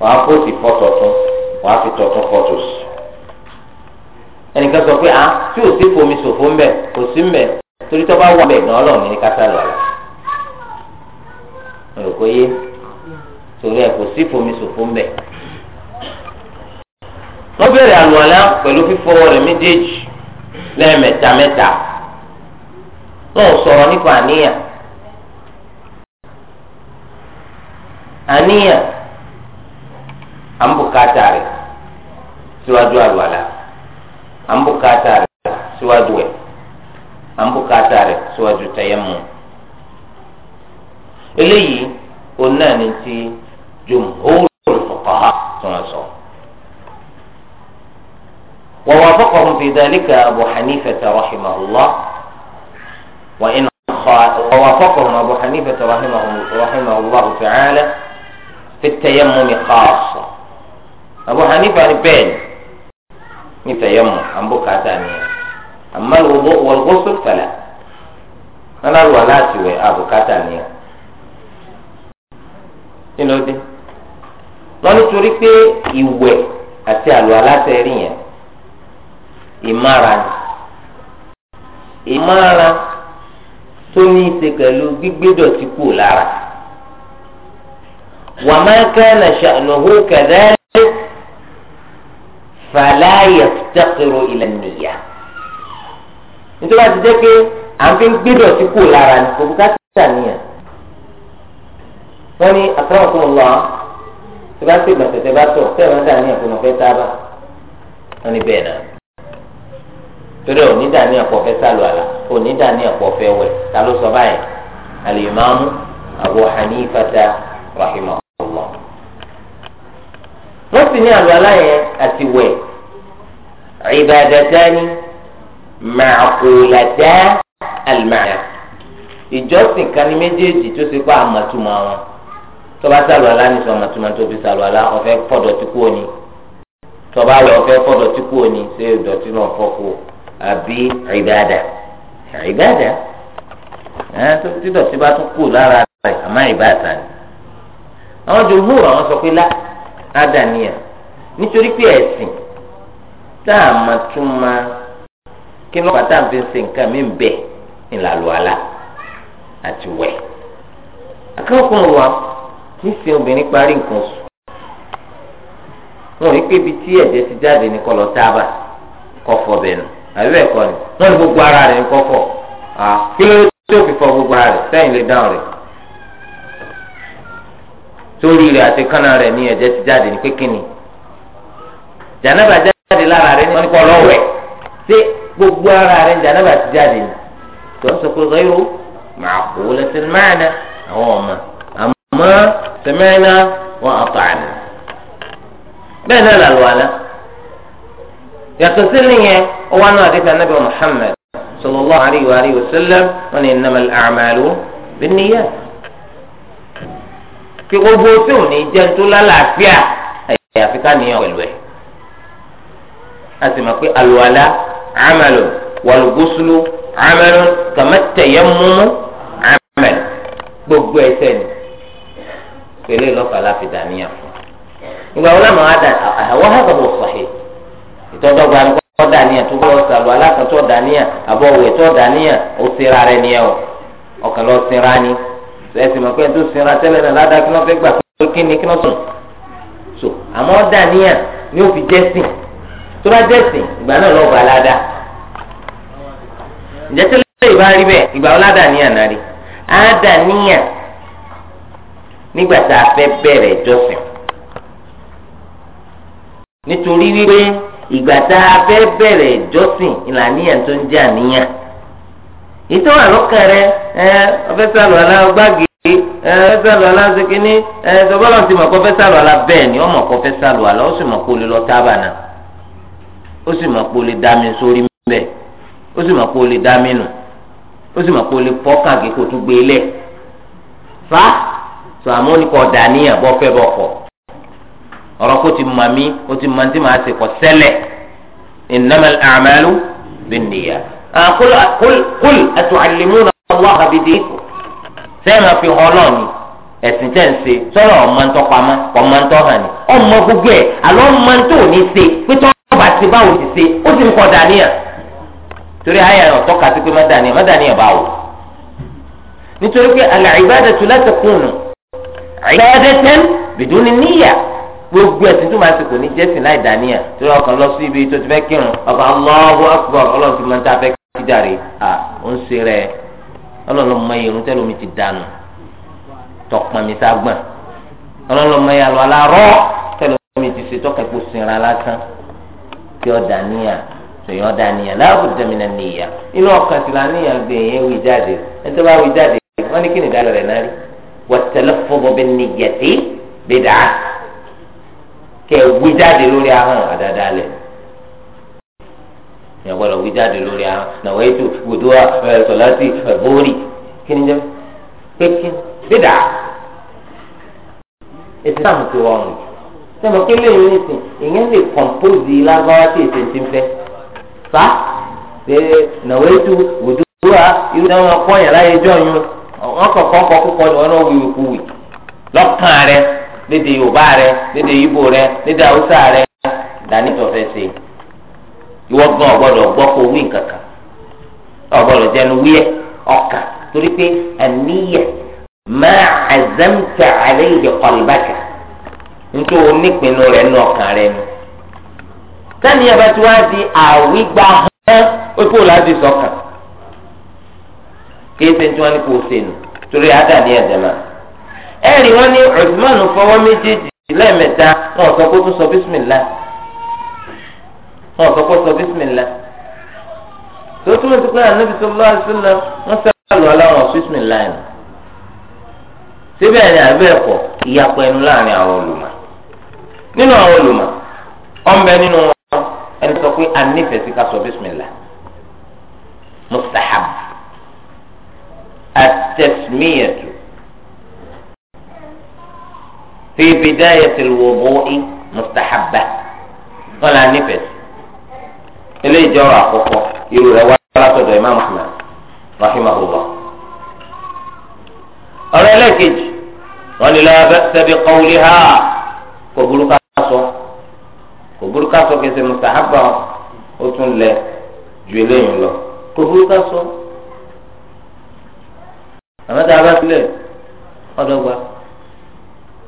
wàá kó sì fọ́ tọ̀tún wàá fi tọ̀tún fọ́ tòsì. ẹnìkan sọ pé à ah, tí ò sí fomi ṣòfò ń bẹ̀ kò sí ń bẹ̀ torí tó bá wà ń bẹ̀ náà ọlọ́run ní kásá lọ́la. èrò kò yé torí ẹ kò sí fomi ṣòfò ń bẹ̀. wọ́n bẹ̀rẹ̀ àlùwàlá pẹ̀lú fífọwọ́ rẹ̀ méjèèjì lẹ́ẹ̀mẹ́ta mẹ́ta náà sọ̀rọ̀ nípa àníyàn àníyàn. àmbùkátà rẹ̀ síwájú àlùwàlà àmbùkátà rẹ̀ síwájú ẹ̀ àmbùkátà rẹ̀ síwájú tẹ̀yẹ̀mù. eléyìí òun náà ni ti jumhurul fuqaha tí wọ́n sọ. ووافقهم في ذلك أبو حنيفة رحمه الله وإن ووافقهم أبو حنيفة رحمه, رحمه الله تعالى في التيمم خاصة Abu Hanifa ni bẹ́ẹ̀ ni ní tẹ̀yẹ̀mù àbúkátà ni àmọ́ ìwọ́gbọ́ wọlgọ́sọ fẹlẹ̀ nálàlùwà láti wẹ̀ àbúkátà ni. nínú ọdẹ wọn nítorí pé ìwẹ̀ àti àlùwà láti rí yẹn ìmára ni ìmára tó ní í ṣe pẹ̀lú gbígbédọ̀tí kù lára wàmákànnà ṣàlùhù kẹ̀dẹ́ fala yaftaqiru ila niyya nítorí àti jẹ́ pé à ń fi ń gbédọ̀ sí kù lára ní gbogbo ká sàníyàn wọ́n ní àtàwọn tó ń lọ tí bá sì gbọ̀nsẹ̀ tẹ bá tọ̀ tẹ̀ wọ́n sàníyàn fún ọ̀fẹ́ sábà wọ́n ní bẹ́ẹ̀ náà torí òní dàní ọ̀pọ̀ fẹ́ sálù àlà òní dàní ọ̀pọ̀ fẹ́ wẹ̀ ta ló sọ báyìí alimami abu hanifata rahimahullah wọ́n sì ní àlù àlà àti wẹ̀ عبادتان معقولتا المعنى ìjọsìn kan ní méjèèjì tó ṣe pé àmọ̀túmọ̀ wọn tó bá sàlù alá ní sọ àmọ̀túmọ̀ tó fi sàlù alá ọ̀fẹ́ fọ̀dọ̀ tí kú òní tó bá lọ ọ̀fẹ́ fọ̀dọ̀ tí kú òní ṣé ìdọ̀tí náà fọ́kù àbí ìbádà ìbádà tí ìdọ̀tí bá tún kù lára rẹ̀ àmọ́ ìbádà ni. àwọn jòhùn àwọn sọ pé lá ádà níyà nítorí pé ẹ̀sìn tá a mọ tún ma kí ló bàtà fi ṣe nǹkan mi bẹ̀ ńlálù àlá àti wẹ̀. akẹ́kọ̀ọ́ wa níṣẹ́ obìnrin parí nǹkan sùn wọn ò ní pé ibi tí ẹ̀jẹ̀ ti jáde ní kọlọ tábà kọfọ bẹ̀ nù àbí bẹ́ẹ̀ kọ́ ni wọ́n ní gbogbo ara rẹ̀ ní kọ́fọ̀ kí ló tó fi fọ gbogbo ara rẹ̀ sẹ́yìn lè dáhùn rẹ̀ sórí rẹ̀ àti kánà rẹ̀ ní ẹ̀jẹ̀ ti jáde ní pékinni jànábàjá jáde lára rẹ nípa nípa ọlọ́wẹ̀ ṣé gbogbo ara rẹ jàǹdàbà ti jáde ní tó ń sọ pé ọ̀rọ̀ màá kó lẹ́sẹ̀ máàna àwọn ọmọ àmọ́ sẹ́mẹ́nà wọn àpààní. bẹ́ẹ̀ náà làlọ́ àlá yàtọ̀ sílẹ̀ yẹn ọwọ́ náà àdéhùn anábì Muhammad sallallahu alayhi wa alayhi wa sallam wọn ni nàmà a'malu bí binniyat kí gbogbo tí ò ní jẹ́ ń tó lálàáfíà àyàfi ká níyàn pẹ̀lú ẹ̀. a sì mọ̀ pé àlùwàlá amalu wàlúgúsùlù amalu kàmẹ́tẹ̀yẹ́múmú amalu gbogbo ẹsẹ̀ ni pẹ̀lú ìlọ́fà láfi dàníyà fún ìgbà wọn làwọn àdà àwọn àgbàbọ̀ sọ̀hìn ìtọ́dọ̀gba ni kọ́ dàníyà tó bọ́ sàlù alákàtọ́ dàníyà àbọ̀wẹ̀ tó dàníyà ó sera rẹ̀ nìyẹn o ọ̀kan lọ sera ni ẹsẹ̀ pé tó sera tẹ́lẹ̀ náà ládàá kí wọ́n fẹ́ gbà pé kí ni kí wọ́n sùn so àmọ́ dàníyà ni ó fi jẹ́ sìn tó bá jẹ́sìn ìgbà náà lọ́ọ́ gba aládá ǹjẹ́ tí lóye ìbá rí bẹ́ẹ̀ ìgbà wọn ládà níyàn náà rí àádà níyàn nígbà tá a fẹ́ bẹ̀rẹ̀ ìjọsìn nítorí wípé ìgbà tá a fẹ́ bẹ̀rẹ̀ ìjọsìn ìlànìyàn tó ń jẹ́ àníyàn ìtọ́ àlọ́kàn rẹ ẹ sálọ alágbàgì ẹ sálọ aláṣekínní ẹ tọ́gbọ́n mọ̀ kọ́ sálọ alá ni ọmọ kọ́ sálọ alá ó sì mọ̀ kó lè lọ tábà náà ó sì mọ̀ pé o lè dá mi sórí mbẹ́ ó sì mọ̀ pé o lè dá mi nù ó sì mọ̀ pé o lè fọ́kàn kí kò tún gbé lẹ̀ fa sọ àmọ́ oníkọ̀ dàníyàn bọ́ fẹ́ bọ́ kọ̀ ọ̀rọ̀ kó ti mọ̀ mí ó ti mọ̀ tí màá ṣe kọ̀ sẹ́lẹ̀ innamal a'malu binniyah qul qul qul atu'allimuna Allaha bidinikum sẹ́yìn máa fi hàn náà ni ẹ̀sìn tẹ̀ ń ṣe sọ̀rọ̀ ọ̀mọ̀ntọ́ pamọ́ ọ̀mọ̀ntọ́ hàn ní ọmọ gbogbo ẹ̀ àlọ́ ọmọ̀ntọ́ ò ní ṣe pé tọ́ bá ti báwo ti ṣe ó sì ń kọ́ dàníyàn torí àyà náà tọ́ka sí pé má dàníyàn má dàníyàn báwo nítorí pé al-ibadatu la takunu ibadatan biduni niyya gbogbo ẹ̀sìn tó máa ti kò ní jẹ́sìn láì dàníyàn torí ọkàn lọ sí ibi tó ti fẹ́ kírun ọkà Allahu akbar ọlọ́run ti máa ń ta fẹ́ kíjàre à ó ń ṣe rẹ ọlọ́run mọ irun tẹ́lẹ̀ omi ti dànù tọpọn mi ságbọ̀n ọlọ́run mọ kí ọ̀dà níyà tòyìn ọ̀dà níyà láàbù jẹ́mìnà níyà inú ọkàn tìlá níyà gbé yẹn wí jáde ẹtọ́ bá wí jáde wọ́n ní kí ni ìdájọ́ rẹ̀ náà rí wọ́tẹ́lẹ́ fọ́bọ́ bẹ́ẹ̀ níyàtí bí dàá kẹ́ wí jáde lórí ahọ́n àdáadáa lẹ̀ yẹn gbọ́dọ̀ wí jáde lórí ahọ́n nàwọ́ ètò gbòdó sọ̀láṣì bóórì kí ni jẹ́ pé kí bí dàá ètò sáà mú ti wọ́n rìn sẹ́mi kéle yìí nìsín ìyẹn lè kọ̀mpóòzì lágbára tí èsì ti ń fẹ́ fa ṣe nàwó ètò wòdú wúrà irú náà wọn kọ́ yàrá ẹjọ́ yun wọn kọ̀kọ́ kọ́ kúkọ́ ni wọn náà wíwí kú wì lọ́kàn rẹ lédè Yorùbá rẹ lédè Ìgbò rẹ lédè Haúsá rẹ dání tó ṣe ìwọ ọ̀gbọ́dọ̀ gbọ́ kó wí ọ̀gbọ́dọ̀ jẹnu wíyẹ torí pé àníyẹ máa àlẹ́ nítorí onípinnu rẹ̀ nù ọkàn rẹ̀ ni. sani ẹ̀bá tí wàá di àwígbà hàn ó kó láti sọkàn kí ẹsẹ̀ tí wọ́n ní kó o sè nù torí ádà ní ẹ̀jẹ̀ náà. ẹ̀rì wọn ní Usman fọwọ́ méjèèjì lẹ́ẹ̀mẹ́ta wọn sọ pé kó sọ bísímìlá wọn sọ pé sọ bísímìlá tó túmọ̀ sí pé ànábì wọn sọ àlọ́ nínú àwọn olùmọ̀ ọ̀nbẹ nínú wọn ẹni sọ pé a nífẹ̀ẹ́ sí ká sọ bísímìlà mustahab at-tasmiyatu fi bidayati al-wudu'i mustahabba wọn là nífẹ̀ẹ́ sí eléyìí jẹ́ ọ̀rọ̀ àkọ́kọ́ irú rẹ̀ wá látọ̀dọ̀ imam ahmed rahimahullah ọ̀rọ̀ ẹlẹ́kejì wọn ni la ba'sa bi ha kò burúkú sọ kò burú ká sọ kìí ṣe mùsàhábà ó tún lẹ ju eléyìí lọ kò burú ká sọ àmọ́ tá a bá sílẹ̀ ọ̀dọ́gba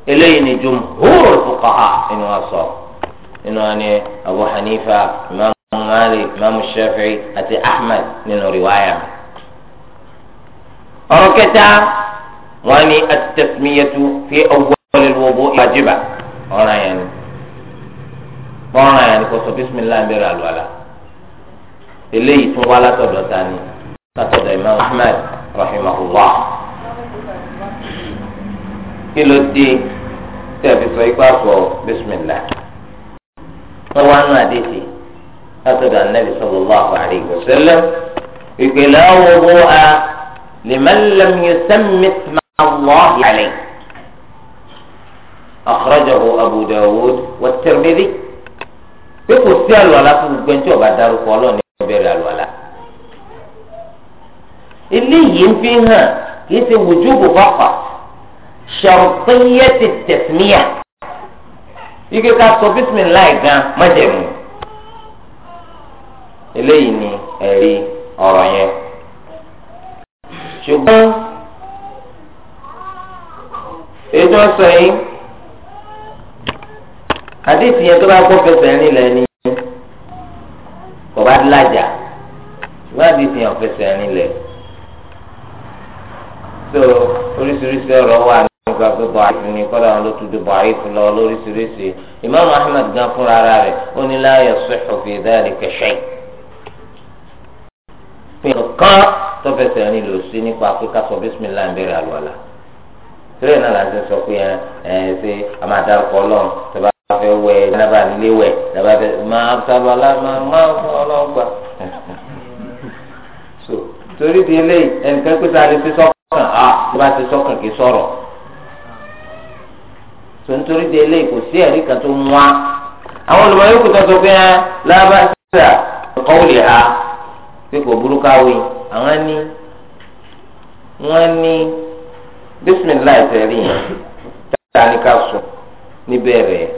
eléyìí ni jumhur fuqaha inú wa sọ inú wa ni Abu Hanifa imam Malik imam Shafi'i àti Ahmad nínú riwaya ọ̀rọ̀ kẹta wọn ni at-tasmiyatu fi awwal al-wudu' wajiba ọ̀ràn yẹn ni. bọ́ọ̀ràn yẹn ni kò sọ bísímìlá ń bẹ̀rẹ̀ àlùwàlà eléyìí tún wá látọ̀dọ̀ ta ni látọ̀dọ̀ imam ahmed rahimahulwa kí ló dé tẹ̀ fi sọ ipá sọ bísímìlá wọ́n wá nù àdéhìí látọ̀dọ̀ anabi sallallahu alayhi wa sallam ìpìlẹ̀ owó a lè liman lam yusammi isma allahi alayhi akhrajahu abu dawud wa tirmidhi. pé kò sí àlùwàlà fún gbogbo ẹni tí ọba darúkọ ọlọ́ọ̀ni ọbẹ̀rẹ̀ àlùwàlà. eléyìí ń fi hàn kìí ṣe wùjúbù fọ́fà ṣàrùpẹ́yẹ ti tẹ̀síníyà ike ká sọ bísímìláì gan májẹ̀mú. eléyìí ni ẹ̀rí ọ̀rọ̀ yẹn. ṣùgbọ́n ètò ọ̀sẹ̀ yìí àdéhùn yẹn tó bá gbọ́ fẹsẹ̀ rìn lẹ̀ ni kò bá lájà ṣùgbọ́n àdéhùn yẹn fẹsẹ̀ rìn lẹ̀ so oríṣiríṣi ọ̀rọ̀ wà nípa pé bọ̀ọ̀rìfù ni kọ́dà wọn ló tún di bọ̀ọ̀rìfù lọ lóríṣiríṣi ìmáàmù ahmed gan fúnra ara rẹ̀ ó ní láàyè sọ́ọ̀fù fi dáàdì kẹsẹ̀ pinnu kan tó fẹsẹ̀ rìn lò sí nípa afrika sọ bísímìlá ń bẹ̀rẹ̀ àlùwàlà tírẹ̀ náà láti sọ pé ẹ ẹ ṣe àmàdàkọ́ ọlọ́run tó bá jánábà nílé wẹ̀ jánábà fẹ́ máa sábàlá máa máa fún ọlọ́gbà. torí di eléyìí ẹnìkan pé ta lè fi sọ́kàn á tó bá ti sọ́kàn kì í sọ̀rọ̀ tó nítorí di eléyìí kò sí ẹ̀rí kan tó mú wa àwọn olùmọ̀ yóò kú tọ́tọ́ pé ẹ́ lábá sísà ọkọ̀ ò ha pé kò burúkú awé àwọn ní wọ́n ní bísímìláì tẹ̀lé yẹn tá ní ká sùn níbẹ̀rẹ̀ yẹn.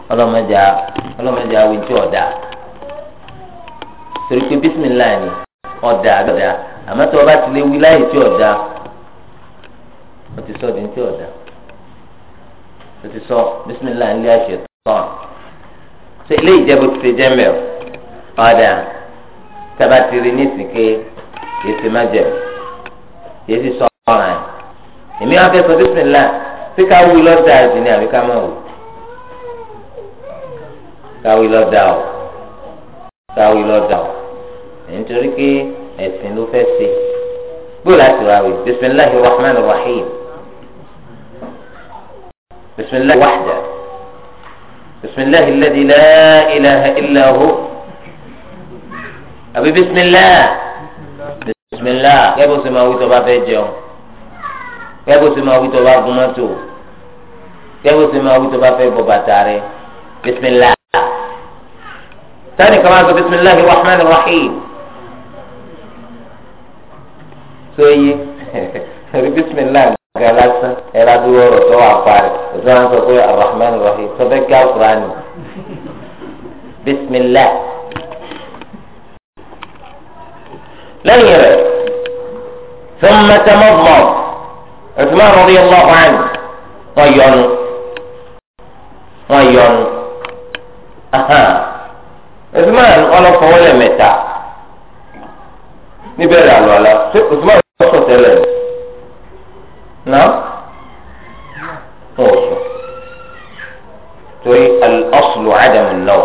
ọlọ́mọdé ọlọ́mọdé awo ntí ọ̀dà torí pé bísímìláì ni ọ̀dà ọ̀dà àmọ́ tí wọ́n bá ti lé wí láì tí ọ̀dà ó ti sọ di ntí ọ̀dà ó ti sọ bísímìláì ní àṣẹ tán ṣe ilé ìjẹ́bù ti ṣe jẹ́mẹ̀ ọ̀dà tabatiri ní ìsìnké kìí ṣe má jẹ kìí ṣe sọ ọ̀ràn èmi wá fẹ́ sọ bísímìláì sí ká lọ́dà ẹ̀sìn ni àbí ká káwé lọ́dà o káwé lọ́dà o nítorí pé ẹ̀sìn ló fẹ́ ṣe gbọ́dọ̀ láti ra wí bisimilahi rahman rahim bisimilahi wahda bisimilahi ladi la ilaha illa hu àbí bisimilahi bisimilahi kẹ́ bó ṣe máa wí tó bá fẹ́ jẹun kẹ́ bó ṣe wí tó bá gun mọ́tò kẹ́ bó ṣe wí tó bá fẹ́ bọ́ bàtà rẹ̀ bisimilahi. ثاني كمان بسم الله الرحمن الرحيم سوي بسم الله قالت إلى إيه دور سوى أفار زمان سوى الرحمن الرحيم صدق إيه قصراني بسم الله لن يرى ثم تمضمض عثمان رضي الله عنه طيّن طيّن أها Usman ọlọ́kọ̀ọ́ lẹ̀ mẹ́ta níbẹ̀ rẹ̀ àlọ́ àlá ṣé Usman ọ̀sọ̀ tẹ́lẹ̀ náà wọ́n sùn torí al-aslu adamu náà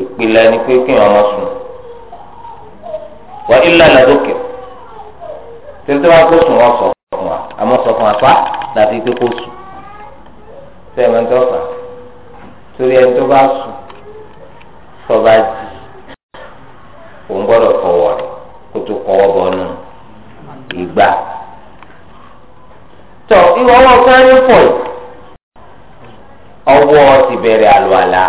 ìpìlẹ̀ ni pé kí wọ́n sùn wà ilà làdókè tètè wọn kó sùn wọn sọ fún wa àmọ́ sọ fún wa fa ah, láti pé kó sùn sẹ́yìn mẹ́tọ́ fà torí ẹni tó bá sùn tọba jì òun gbọ́dọ̀ kọ́wọ́ rẹ̀ kó tó kọ́wọ́ bọnú ìgbà tọ ìwọ ọwọ́ sáré pọ ọwọ́ ti bẹ̀rẹ̀ àlùwàlá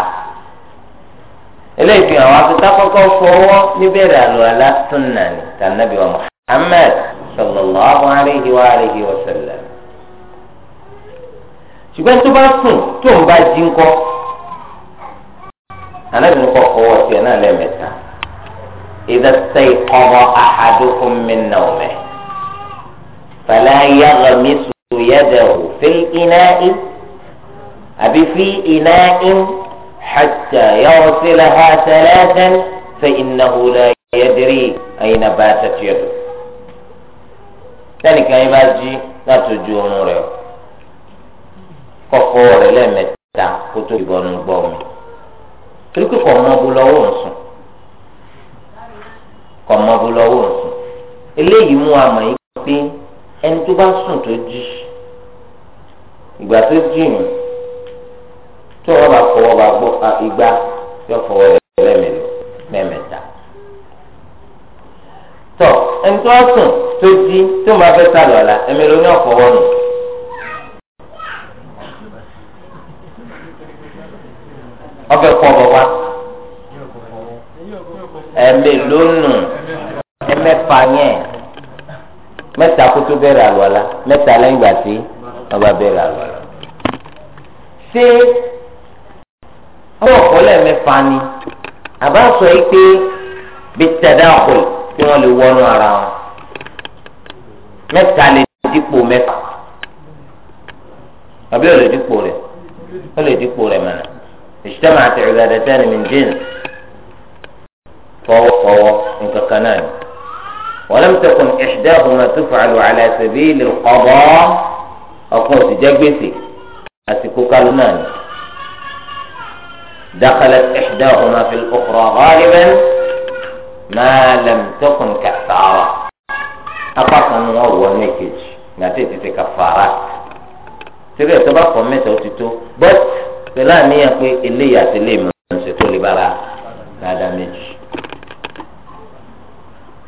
eléyìí fi hàn wá pé kákọ́kọ́ fọwọ́ níbẹ̀rẹ̀ àlùwàlá sunna ni tànàbí wa Muhammad sallallahu alayhi wa alayhi wa sallam ṣùgbọ́n tó bá sùn tó ń bá jí ń kọ́. من نومه فلا يغمس يده في الإناء أبي في إناء حتى يغسلها ثلاثا فإنه لا يدري أين باتت يده ذلك أي يباجي لا تجون ريو كفور rẹ̀ lẹ́ẹ̀mẹ́ta kó tó ìbọnú gbọ́ mi torí pé kọ̀ mọ́ eléyìí mú àmọ̀ yìí pé ẹni tó bá sùn tó jí ìgbà tó jí yìí tó wọn bá fọwọ́ bá gbọ́ ìgbà yọ fọwọ́ rẹ̀ lẹ́mẹ̀lẹ́ mẹ́mẹ́ta. tọ́ ẹni tó sùn tó jí tó máa fẹ́ sálọ̀ ọ̀la ẹ̀mẹ́lẹ́ oní ọ̀fọwọ́ nù. عبادتان من جنس فهو فهو انككنان ولم تكن إحداهما تفعل على سبيل القضاء أقول تجبسي أتكوك المال دخلت إحداهما في الأخرى غالبا ما لم تكن كفارة أقصى هو نيكج نتيجة كفارات تبقى تبقى متى وتتو بس pẹ̀lú àníyàn pé eléyìí àti eléyìí máa ń ṣètò lè bára dáadáa méjì.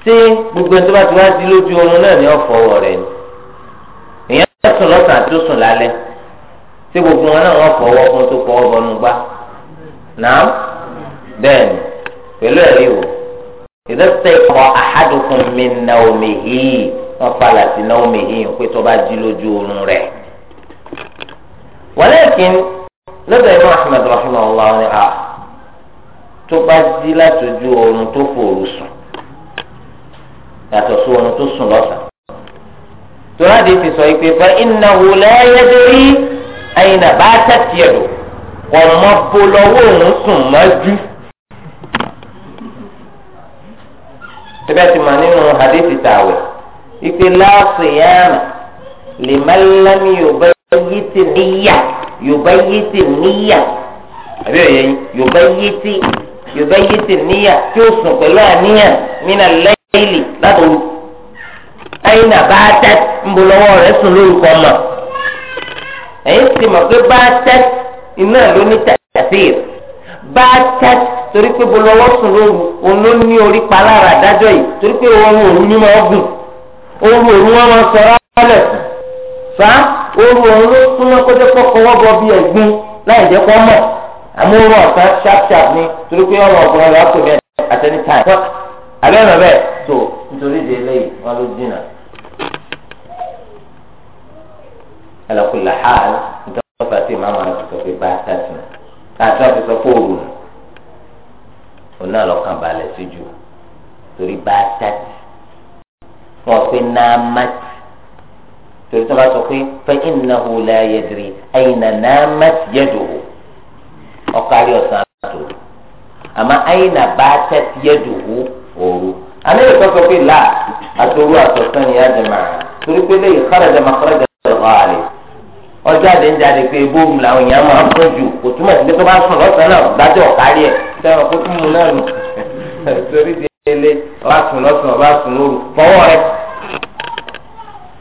tí gbogbo ẹni tó bá ti wá di lójú oorun náà ní ọ̀fọ̀ ọwọ́ rẹ̀ ni èèyàn tó sùn lọ́sàn-án tó sùn lálẹ́ tí gbogbo wọn náà wọ́n fọwọ́ fún tó fọwọ́ bọnú gbá náà bẹ́ẹ̀ pẹ̀lú ẹ̀rí wò ìdọ́sẹ̀ ọ̀ àhádùkùn mi náà omi yìí wọ́n falà sí náà omi yìí pé tó bá di lójú oorun rẹ̀. wọ́n lẹ́ẹ̀kí ni lọ́dọ̀ Imam Ahmad rahimahullah ni a ah, tó bá jí látọjú oorun tó fòrò sùn yàtọ̀ sí oorun tó sùn lọ́sàn-án tòládìí ti sọ ìpè fún iná wòlé ayédèrí ẹ̀yìnà bá tẹ̀sí ẹ̀dọ̀ ọmọ polówó òun sùn mọ́jú. síbẹ̀ tí màá nínú hadithi tàwẹ̀ ìpè láàfin yàrá lè má lámì ò bá yí ti níyà yorùbá yé ti níyà àbí òye yorùbá yé ti yorùbá yé ti níyà tí ó sùn pẹ̀lú àníyàn nínú lẹ́yìnlì látò ẹ̀yìn náà bá tẹ́ ń bọ̀ lọ́wọ́ rẹ̀ sùn lórúkọ mọ̀ ẹ̀yìn sì mọ̀ pé bá tẹ́ iná ló ní bá tẹ́ torí pé bọ̀ lọ́wọ́ sùn lóru òun ló ní orí palára àdájọ́ yìí torí pé òun òun ní máa gùn òun òun wọn máa sọ̀rọ̀ ọ̀lẹ̀ sùn sọ́n. oru ọ̀hún ló súnmọ́ kódé kọ́kọ́ wọ́bọ̀ bí ẹ̀gbin láì jẹ́ kọ́ mọ̀ àmọ́ ni torí pé ọmọ ọ̀gbìn ọ̀rẹ́ ọ̀tọ̀ bẹ́ẹ̀ at any time àbẹ́ bẹ́ẹ̀ tó nítorí ìdè eléyìí wọn ló dínà. ha nítorí pàtó ìmáàmù àti sọ pé bá a tà sí káàtó àti sọ pé òru òun náà balẹ̀ torí bá a tà torí tí wọn bá sọ pé fa innahu la yadri ayna namat yaduhu ọkàrí ọ̀sán àtò àmọ́ ayna batat yaduhu òru amẹ́rẹ́ kan sọ pé là àtòrú àtọ̀sán ni àjẹmà torí pé lè kharaja makhraja ọ̀rọ̀ àlè ọjọ́ àdé ń jáde pé bóòmù làwọn èèyàn máa ń pọ̀ jù kò túmọ̀ sí pé tó bá sùn lọ́sàn-án náà gbájọ́ ọ̀kárí ẹ̀ sẹ́wọ̀n kó tún náà nù torí ti ilé ọba sùn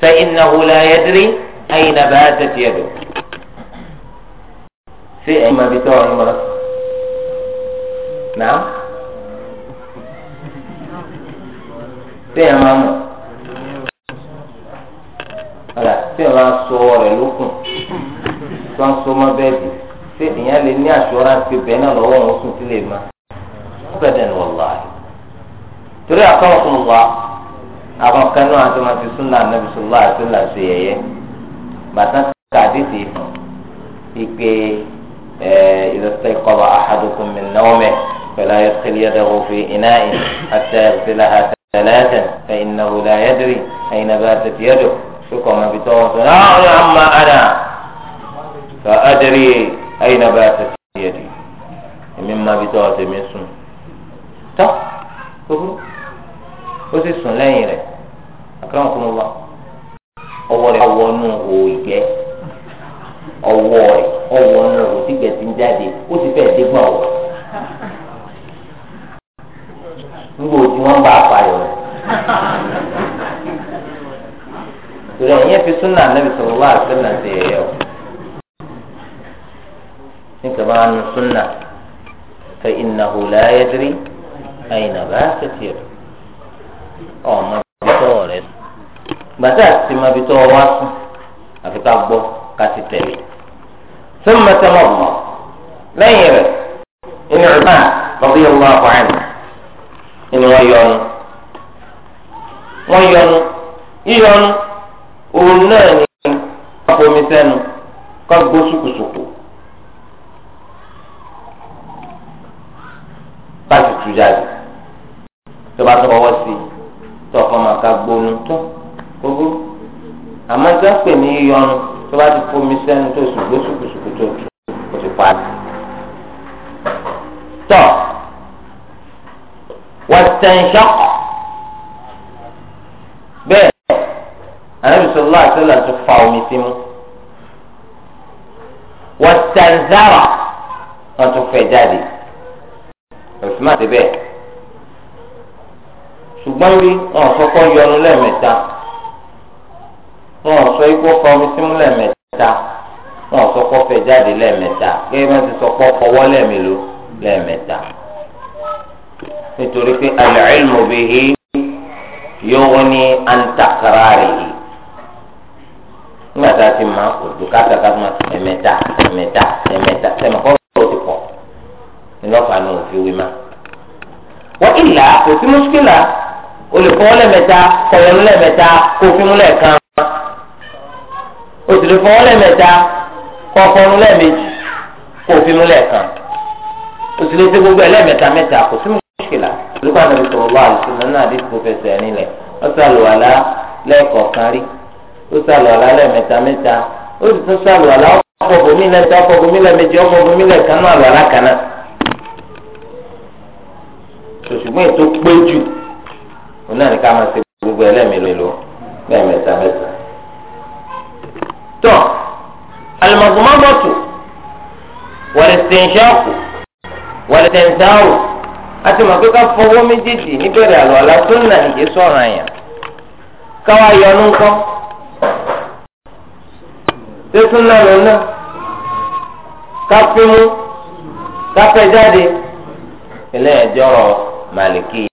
فإنه لا يدري أين باتت يده في أي ما بتوع المرأة نعم في أمامه ọ̀là tí ìran sọ rẹ̀ lókun tó ń so mọ́ bẹ́ẹ̀dì tí èèyàn lè ní àṣọra ti bẹ́ẹ̀ náà lọ́wọ́ òun sùn sílẹ̀ ma. ó bẹ̀rẹ̀ ní wọ́n lọ́ọ́ àyè torí àkọ́wọ́ fún wa. àwọn kan náà tó máa fi súnà nàbì àti àtúnlá sí yẹ̀yẹ́ bàtà kàdídì hàn ìpè ẹ ìdọ̀tí kọba ahadukum min nawmi fala yadkhil yadahu fi ina'in hatta yaghsilaha thalathan fa innahu la yadri ayna batat yaduhu sukọ̀ ma fi tọ́wọ́ sọ náà ọ̀rọ̀ àmà àná fa adri ayna batat yadi èmi ma fi tọ́ wọn sùn tọ́ gbogbo. ó sì sùn lẹ́yìn rẹ̀ akérèmọ kò mọ wá ọwọ́ rẹ̀ ọwọ́ nù hó ìgbẹ́ ọwọ́ rẹ̀ ọwọ́ nù hó ń jáde ó dé nígbà wọn bá fi súnà sọ̀rọ̀ wá o nígbà súnà fẹ́ ìnáwó láyé dírí ọmọ ibi tọwọ rẹ sùn gbàtà àti ma ibi tọwọ wá sùn àfi ká gbọ́ ká ti tẹ̀lé sọmọ tẹmọ ọmọ lẹ́yìn rẹ inú ọmọ lọbí ọmọ àbọ̀hán inú wọn yọnu wọn yọnu yíyọnu òun náà ní ọkọmi sẹ́nu kọ gbó sukusuku bá tu jáde tó bá tọwọ́ sí i tọkọ máa ka gbónú tó gbogbo àmọ́ tí wọ́n pè ní yíyọnu tó bá ti fomi sẹ́nu tó sùgbó sùkùsùkù tó tù kò ti pa á. tọ́ wọ́tẹ̀ǹṣọ́k bẹ́ẹ̀ ànábìsọ̀lá àtẹ́là tó fa omi sí mu wọ́tẹ̀ǹzára wọ́n tún fẹ́ jáde òsùnmọ́ àti bẹ́ẹ̀ ṣùgbọ́n rí wọn sọ kọ́ yọnu lẹ́ẹ̀mẹ́ta wọn sọ ikú ọkọ mi símú lẹ́ẹ̀mẹ́ta wọn sọ kọ́ fẹ̀ jáde lẹ́ẹ̀mẹ́ta gẹ́gẹ́ bá ti sọ kọ́ ọwọ́ lẹ́ẹ̀mélòó lẹ́ẹ̀mẹ́ta nítorí pé al-ilmu bihi yughni an takrarihi nígbà tá a ti máa kò tó káta ká máa ẹ̀mẹ́ta ẹ̀mẹ́ta ẹ̀mẹ́ta sẹ́mẹ̀kọ́ ló ti pọ̀ nílọ́fà ni òfin wí ma. wọ́n ìlà kò sí mọ́ṣúkìlà olùkọ́ lẹ́mẹ̀ta kọ̀yọ̀nù lẹ́mẹ̀ta kófínú lẹ́ẹ̀kan òtùlùfọ́ lẹ́mẹ̀ta kọ̀ọ̀fọ́nù lẹ́ẹ̀mejì kófínú lẹ́ẹ̀kan òtùlùfọ́ gbogbo ẹ̀ lẹ́mẹ̀ta mẹ́ta kò sí mùsùlùmí olùkọ́ àti ìṣòro wà lùsùlùmí náà dé kó fẹsẹ̀ nílẹ̀ ó sàlùwàlá lẹ́ẹ̀kọ̀ọ̀kan rí ó sàlùwàlá lẹ́ẹ̀mẹta mẹ́ta ó sì tún sàlùwàlá ọkọ̀ bòmí òun náà ní ká máa ṣe gbogbo ẹlẹ́mìlélò lẹ́ẹ̀mẹ́ta mẹ́ta. tọ́ alimọ̀gbọ́mọ́tò wàlẹ̀sẹ̀ńṣọ́ọ̀kù wàlẹ̀sẹ̀ńṣọ́ọ̀kù àti mọ̀ pé ká fọwọ́ méjèèjì níbẹ̀rẹ̀ àlọ́ àlá tó nà ìyé sọ̀rọ̀ àyàn káwá yọnu ńkọ́ tó tún náà ká fimú ká fẹ́ jáde ilé màlìkì.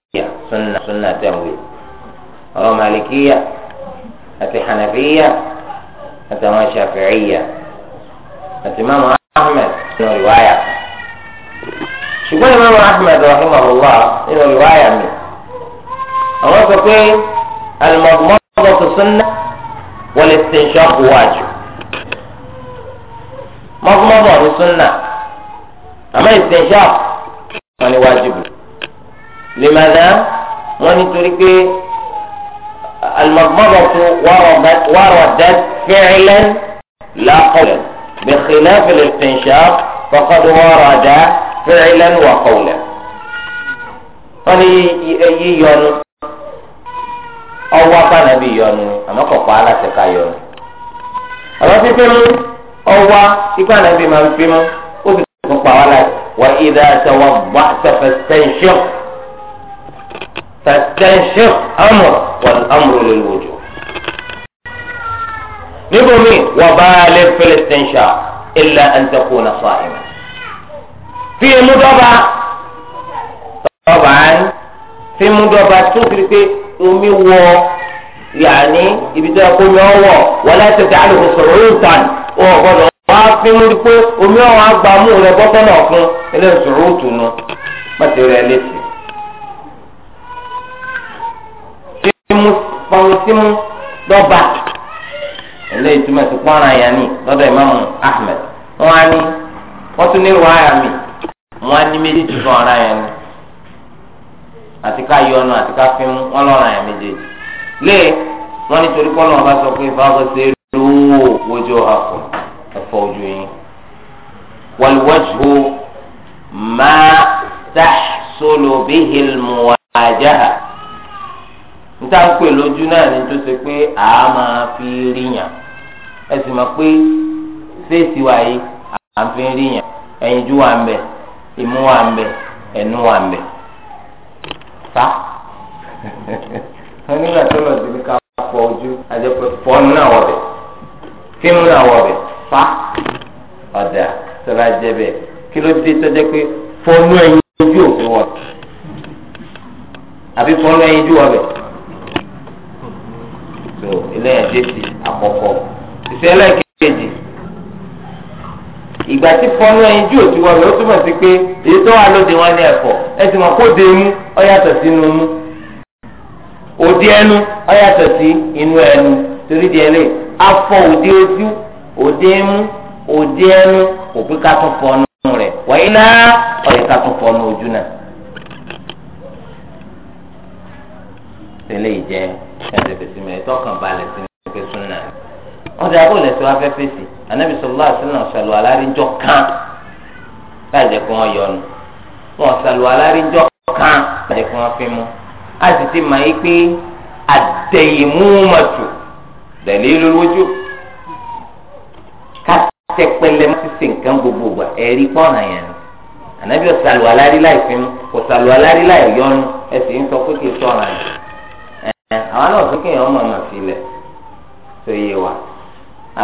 سنة سنة تهوي أو مالكية أتي حنفية أتي ما شافعية أتي إمام أحمد إنه رواية شكون إمام أحمد رحمه الله إنه رواية منه أما تقول المضمضة سنة والاستنشاق واجب مضمضة سنة أما الاستنشاق يعني واجب لماذا؟ wọ́n nítorí pé المضمضة وردت وردت فعلا لا قولا بخلاف الاستنشاق فقد ورد فعلا وقولا wọ́n yí yọnu ọwọ́ abánabi yọnu àmọ́ kọ̀kọ́ alásèká yọnu àmọ́ fífẹ́ mú ọwọ́ ikú ànábi máa ń fi mú ó sì tún pa wá wà ìdá àtàwọn bá àtàfẹ́ sẹ́ńṣọ́. فاستنشق أمر والأمر للوجوب نبومي وبالغ في الاستنشاق إلا أن تكون صائما في مضبع طبعا في مضبع تدرك أمي و يعني يبدأ يقول هو ولا تجعله صعودا وغضب wàá fi mú di pé omi ọ̀hún agbamú rẹ bọ́tọ́ náà fún eléyìí sùúrù tùnú má ti rẹ létí. pọ̀n sí mu lọ́ba eléyìí túmọ̀ sí pọ́nra yẹn ni lọ́dọ̀ ìmáàmù Ahmed wọ́n á ní wọ́n tún ní ìwà ara mi wọ́n á ní méjèèjì fún ara yẹn ni àti ká yọnu àti ká fi mú wọ́n lọ́ra yẹn méjèèjì lé wọ́n nítorí pọ́nra wọn bá sọ pé fáwọn ṣe lówó wojú ọkọ ẹ̀fọ́ ojú yín wàlúwàjú solo bihil muwajaha níta ń pè lójú náà ni tó ṣe pé a máa fi ríyàn ẹ sì mọ̀ pé fèsì wa yìí à ń fi ríyàn ẹyinjú wa ń bẹ imú wa ń bẹ ẹnu wa ń bẹ fa wọn nígbà tó lọ síbi ká fọ ojú àjẹpẹ fọnù náà wọ bẹ fíìmù náà wọ bẹ fa ọ̀dà tó jẹ bẹ kí ló dé tó pé fọnù ẹyin ojú òfin wọ àbí fọnù ẹyin ojú wọ bẹ. tó eléyàn déètì àkọ́kọ́ ìṣẹ̀lẹ̀ kejì ìgbà tí fọnú ẹyin jù òtí wọlé ó túmọ̀ sí pé èyí tó wà lóde wọn ní ẹ̀fọ́ ẹ ti mọ̀ kó de mú ọ yàtọ̀ sí inú òdi ẹnu ọ yàtọ̀ sí inú ẹnu torí di afọ òdi ojú òdi ẹmu òdi ẹnu òpin ká fọnú rẹ̀ wọ́n iná ọ̀yẹ́ ká fọnú ojú ẹsẹ fèsì mẹ ẹtọ kan balẹ̀ sí ní pé súnà wọn ti àbò lẹsẹ wọn fẹ́ fèsì anabi sọlọ àṣìlẹ ọsàlù aláríjọ kan láì jẹ́ kó wọn yọnu wọn ọsàlù aláríjọ kan láì jẹ́ kó wọn fi mú a sì ti mọ yìí pé àdẹyìmúmọtò dẹlẹ lójú kátẹpẹlẹ má ti ṣe nǹkan gbogbo gbà ẹrí pọ́nrán yẹn ni anabi ọsàlù alárí láì fi mú ọsàlù alárí láì yọnu ẹsẹ ń sọ pé kì í sọ̀rọ̀ àná àwọn náà tún kéèyàn máa máa filẹ̀ tó yé wa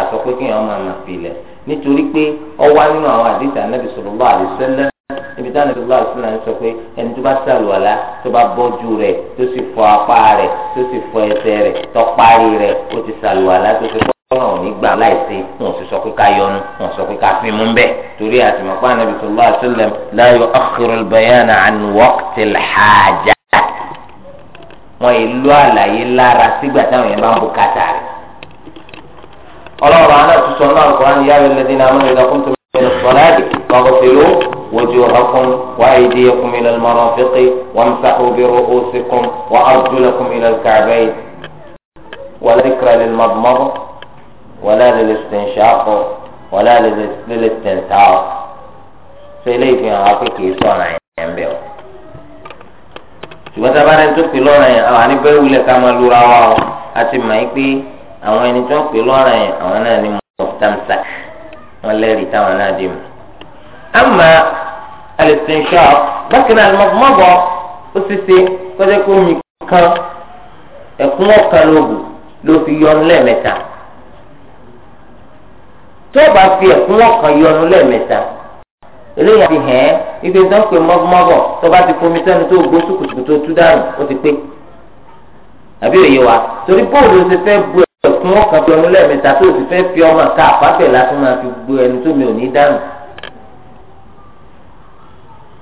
àtọ́ pé kéèyàn máa máa filẹ̀ nítorí pé ọwá nínú àwọn àdìsí anábì sallallahu alaihi wasallam níbi táwọn anábì sallallahu alaihi wasallam ń sọ pé ẹni tó bá sàlùwàlá tó bá bọ́jú rẹ̀ tó sì fọ apá rẹ̀ tó sì fọ ẹsẹ̀ rẹ̀ tó parí rẹ̀ ó ti sàlùwàlá tó ti kọ́nà òní gbà láìsí wọn sì sọ pé ká yọnu wọn sọ pé ká fi mú bẹ́ẹ̀ torí àtìmọ̀pá anábì sallallahu alaihi wasallam la yu'akhiru wọn yìí lọ àlàyé lára sígbà táwọn yẹn bá ń bùkátà rẹ̀. ọlọ́run àná tuntun ọ̀nà àkọ́rá ni yára ẹlẹ́dí náà mú ẹ̀dá kún tó من الصلاة فاغسلوا وجوهكم وأيديكم إلى المرافق وامسحوا برؤوسكم وأرجلكم إلى الكعبين ولا ذكر للمضمضة ولا للاستنشاق ولا للاستنثار سيلي في عاقك يصنع ينبغي ṣùgbọ́n tá a bá rẹ̀ tó pè lọ́rọ̀ yẹn àwọn àníbẹ̀ wulẹ̀ ká máa lura wa o a ti mọ̀ pé àwọn ẹni tó ń pè lọ́rọ̀ yẹn àwọn náà ni mọ̀tàmùsà wọn lẹ́rìí táwọn náà dì mọ́. àmọ́ alẹ́sìnṣọ́ bákan náà mọ̀bọ̀ ó ti ṣe kọ́jọ́ pé omi kan ẹ̀kún ọ̀kan lóògùn ló fi yọnu lẹ́ẹ̀mẹ́ta tó o bá fi ẹ̀kún ọ̀kan yọnu lẹ́ẹ̀mẹ́ta eléyìí fi hẹ́n ibi tó ń pè mọ́bọ́mọ́bọ̀ tó bá ti fomi sẹ́nu tó gbó sùkùsùkù tó tú dànù ó ti pé àbí òye wa torí bóòlù ti fẹ́ bu ẹ̀kún ọkàn bí ọmọ lẹ́ẹ̀mẹ́ta tó ti fẹ́ fi ọmọ ká àfáfẹ́ láti máa fi bu ẹni tó mi ò ní dànù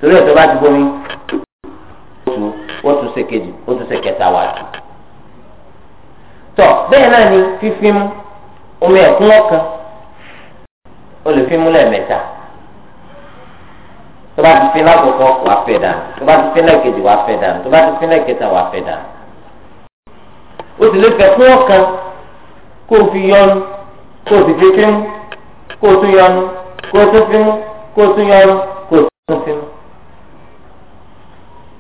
torí ẹ̀ tó bá ti bomi ó tún ṣe kejì ó tún ṣe tọ bẹ́ẹ̀ náà ni fífi mu omi ẹ̀kún ọkàn ó lè fi mu lẹ́ẹ̀mẹ́ta tó bá ti fínlá kọ̀kọ́ wàá fẹ́ dànù tó bá ti fínlá kejì wàá fẹ́ dànù tó bá ti fínlá kẹta wàá fẹ́ dànù. ó sì lè fẹ́ fún ọ̀kan kó o fi yọnu kó o sì fi fínú kó o tún yọnu kó o tún fínú kó o tún yọnu kó o tún fínú.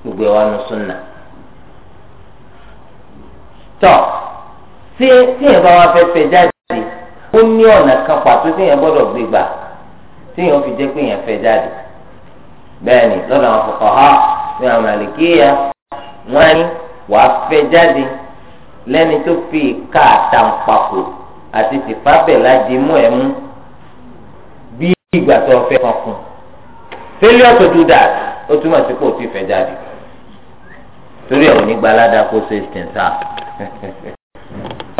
gbogbo wa nu sunna. tọ́ tí tí yẹn bá wá fẹ́ fẹ́ jáde ó ní ọ̀nà kan pàtó tí yẹn gbọ́dọ̀ gbé gbà tí yẹn fi jẹ́ pé yẹn fẹ́ jáde bẹ́ẹ̀ ni lọ́dọ̀ àwọn fuqaha ní àwọn màlìkíyà wọ́n ní wàá fẹ́ jáde lẹ́ni tó fi ìka àtàǹpàkò àti tìfábẹ̀lá di mú ẹ̀ mú bí ìgbà tó fẹ́ kan kù failure to do that ó túmọ̀ sí kò tí ì fẹ́ jáde torí ẹ̀ ò ní gbalada kó ṣe ṣẹ̀ńtà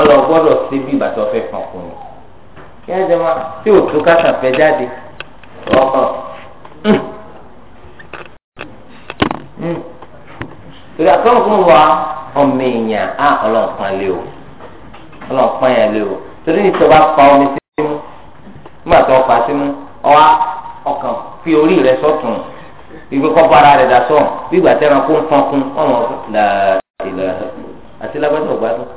ọlọ gbọ́dọ̀ ṣe bí ìgbà tó fẹ́ kan kù ni kí ẹ jẹ máa tí òtún kásà fẹ́ jáde ọkàn. Hmm. torí àtọ́nù fún wa ọmọ èèyàn á ọlọ́ọ̀kan lé o ọlọ́ọ̀kan yẹn lé o torí ní sọ bá pa omi sí mú nígbà tó pa sí mú ọwá ọkàn fi orí rẹ sọ́tún ìgbé kọ́ bá ara rẹ̀ dà sọ̀ bí ìgbà tẹ́ran kó ń fọn kún ọmọ ìlà àti lágbàdo ọ̀gbádùn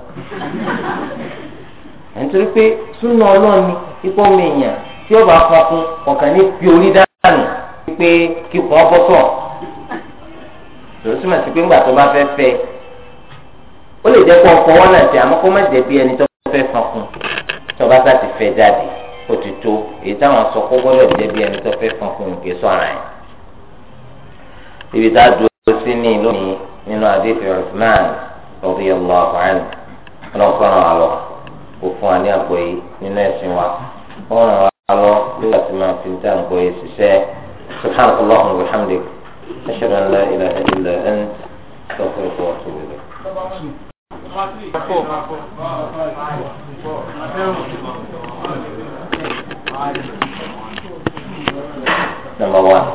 nítorí pé súnà ọlọ́ọ̀ni ipò omi èèyàn tí ọba fọn kún ọ̀kan ní fi orí dánù pé kíkọ́ bọ́tọ̀ tòun túmọ̀ sí pé ńgbà tó bá fẹ́ fẹ́ ó lè jẹ́ kó ọkọ wọn náà ti àmọ́ kó má jẹ́ bí ẹni tó fẹ́ fan tó bá sá ti fẹ́ jáde ó ti tó èyí táwọn sọ kó gbọ́dọ̀ jẹ́ bí ẹni tó fẹ́ fan fún òkè sọ̀ràn yẹn. ibi tá a dúró sí ní lónìí nínú adéfẹ́ Uthman radiyallahu anhu ọlọ́kọ́ràn àlọ́ kò fún wa ní àgbọ̀ yìí nínú ẹ̀sìn wa ọ̀ràn àlọ́ nígbà tí màá fi ń tà ń gbọ́ yìí ṣiṣẹ́ subhanahu أشهد أن لا إله إلا أنت أستغفرك وأتوب إليك Number one.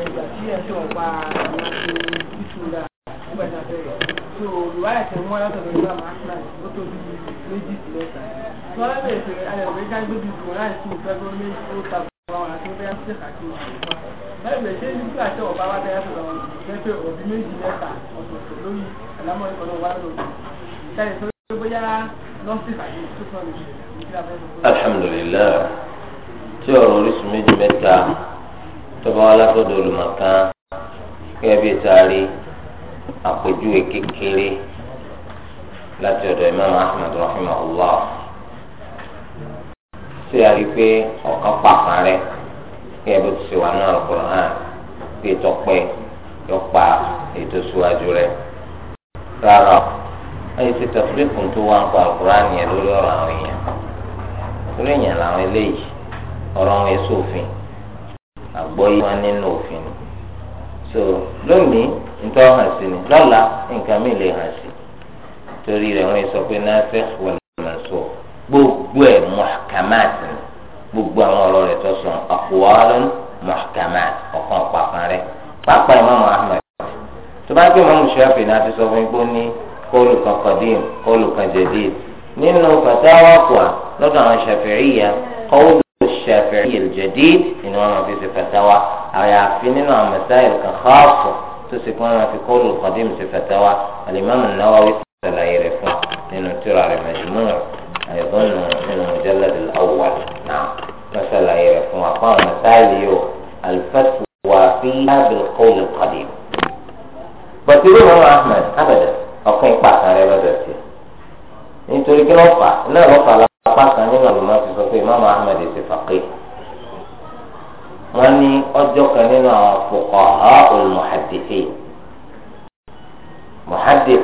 Ìgbà tí a fẹ́ rẹ̀, so ìwádìí tẹ̀ wọ́n látọ̀ lórí bá máa ń pàdé, ó tóbi méjì sí mẹ́ta alhamdulilayi tí ọ̀rọ̀ orísun méjì mẹ́ta tọ́ba wa látọ̀dọ̀ olùmọ̀kan gẹ́gẹ́ bíi taari àpèjúwe kékeré láti ọ̀dọ̀ imam tí a rí pé ọ̀kan pàkan rẹ kí ẹbí ti ṣe wà náà lọ́kùnrin hàn bí ìtọ́pẹ́ yọ pa ètò síwájú rẹ rárá ẹni tí tẹ̀síríkù tó wá ń pa àkùránì yẹn lórí ọ̀rọ̀ àwọn èèyàn lórí èèyàn làwọn eléyìí ọ̀rọ̀ wọn èso òfin àgbọ́yé wọn nínú òfin ni so lónìí nítorí wọn hàn sí ni lọ́la nǹkan mi lè hàn sí torí rẹ̀ wọ́n sọ pé náà fẹ́ wọlé ọ̀nà sọ gbogbo ẹ̀ mọ́ muhkamati gbogbo àwọn ọ̀rọ̀ rẹ̀ tó sùn aqwalun muhkamat ọ̀kan pàkan rẹ̀ pàápàá Imam Ahmad tó bá gbé Imam Shafi'i náà ti sọ fún igbó ní kóòlù kan qadim kóòlù kan jadid nínú fatawa lọ́dọ̀ àwọn Shafi'iyya kọ́wọ́ الشافعي الجديد إن وانا في فتاوى أيعفيننا عن مسائل خاصة تسكونا في قول القديم في فتاوى الإمام النووي سلا يرفون لأنه ترى مجموع أيضا قال فاليو الفتوى فيها بالقول القديم بطيروها مع أحمد أبدا أو كان يقبعها على أبدا انتو لكي نوفع لا نوفع لا أقبعها من ما في إمام أحمد يتفقه واني أجوك لنا فقهاء المحدثين محدث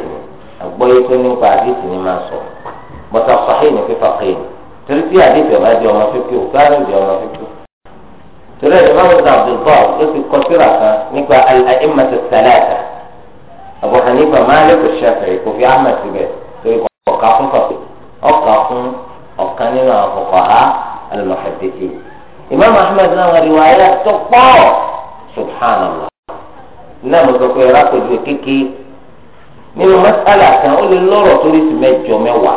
أقبعيتني وقعديتني ما صور بطاق صحيح في فقين ترتي حديث يا ما في كيو كارو يا ما في كيو torí ẹ̀sìn máa ń sọ abdulkọ́ ló ti kọ síra kan nípa al-a'immatu thalatha Abu Hanifa Malik Shafi'i kò fi ahmed síbẹ̀ torí ọ̀ka fún kọ̀ọ̀kan ọ̀ka fún ọ̀kan nínú àwọn fuqaha al-muhaddithin Imam Ahmad náà wà riwaya yàtọ̀ pọ̀ subhanallah náà mo sọ pé rákòjú kéke nínú mọ́sálà kan ó lè lọ́rọ̀ torí ti mẹ́jọ mẹ́wàá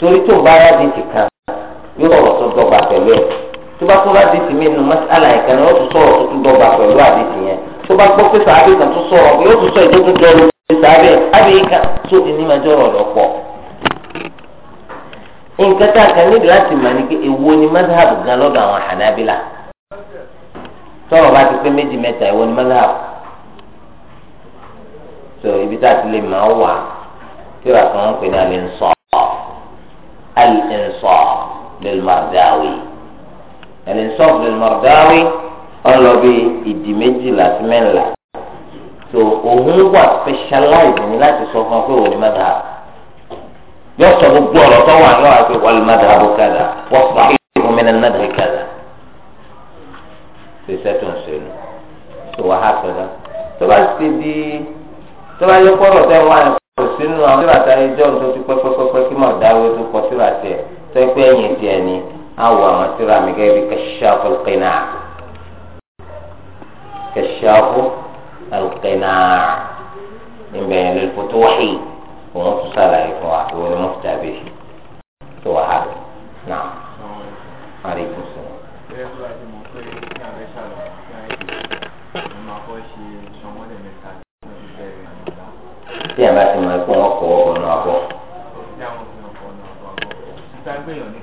torí tó bá yá di ti kan yóò rọ̀rọ̀ tó dọ́gba pẹ̀lú ẹ̀ tó bá kó bá di tìmí nu mọ́sálà ìkànnì ó tún sọ̀rọ̀ tó tún dọ́gba pẹ̀lú àdìsí yẹn tó bá gbọ́ pé sàábì kan tún sọ̀rọ̀ pé ó tún sọ ìdókú dọ́ọ̀lù pé sàábì àbí kan tó di ní mẹjọ rọ̀ lọ́pọ̀. nǹkan tá a kan níbi láti mà ní pé èwo ni mazhabu gan lọ́dọ̀ àwọn Hanabila sọ̀rọ̀ bá ti pé méjì mẹ́ta èwo ni mazhabu so ibi tá a ti lè máa wà kíra kan wọn pè ní al-insaf al-insaf lil-Mardawi ẹ̀lẹ́nsọ́ọ̀fù lè mọ̀dáwí ọlọ́bí ìdí méjìlá sí mẹ́ńlá so òun wà specialize ní láti sọ fún ọ pé wọ́n ní mẹ́ta yọ sọ gbogbo ọ̀rọ̀ tó wà lọ́wọ́ àti wọ́n ní mẹ́ta àbò kàdà wọ́n fà á ìlú mi náà nàdà kàdà ṣe sẹ́tù ń ṣe nù so wàá hà sọ́dọ̀ tó bá ti di tó bá yẹ kọ́rọ̀ tẹ́ wà ní kò sínú àwọn sílàtà ẹjọ́ tó ti pẹ́ pẹ́ pẹ́ kí mọ̀ dáwé tó kọ sílàtà ẹ̀ tó ẹ pé ẹ̀yìn tiẹ̀ ni awọ àwọn tíra mi gẹ́gẹ́ bí kẹsàkó kìnà kẹsàkó kìnà ìgbà yẹn lórí fótó wáyé òun tún sàlàyé fún wa òun ni mọ̀tà bí tó wà á lò náà má lè kú sí wọn. tí a bá ti mọ ẹ̀kọ́ wọn kọ́ ọ̀gbọ́n náà bọ̀.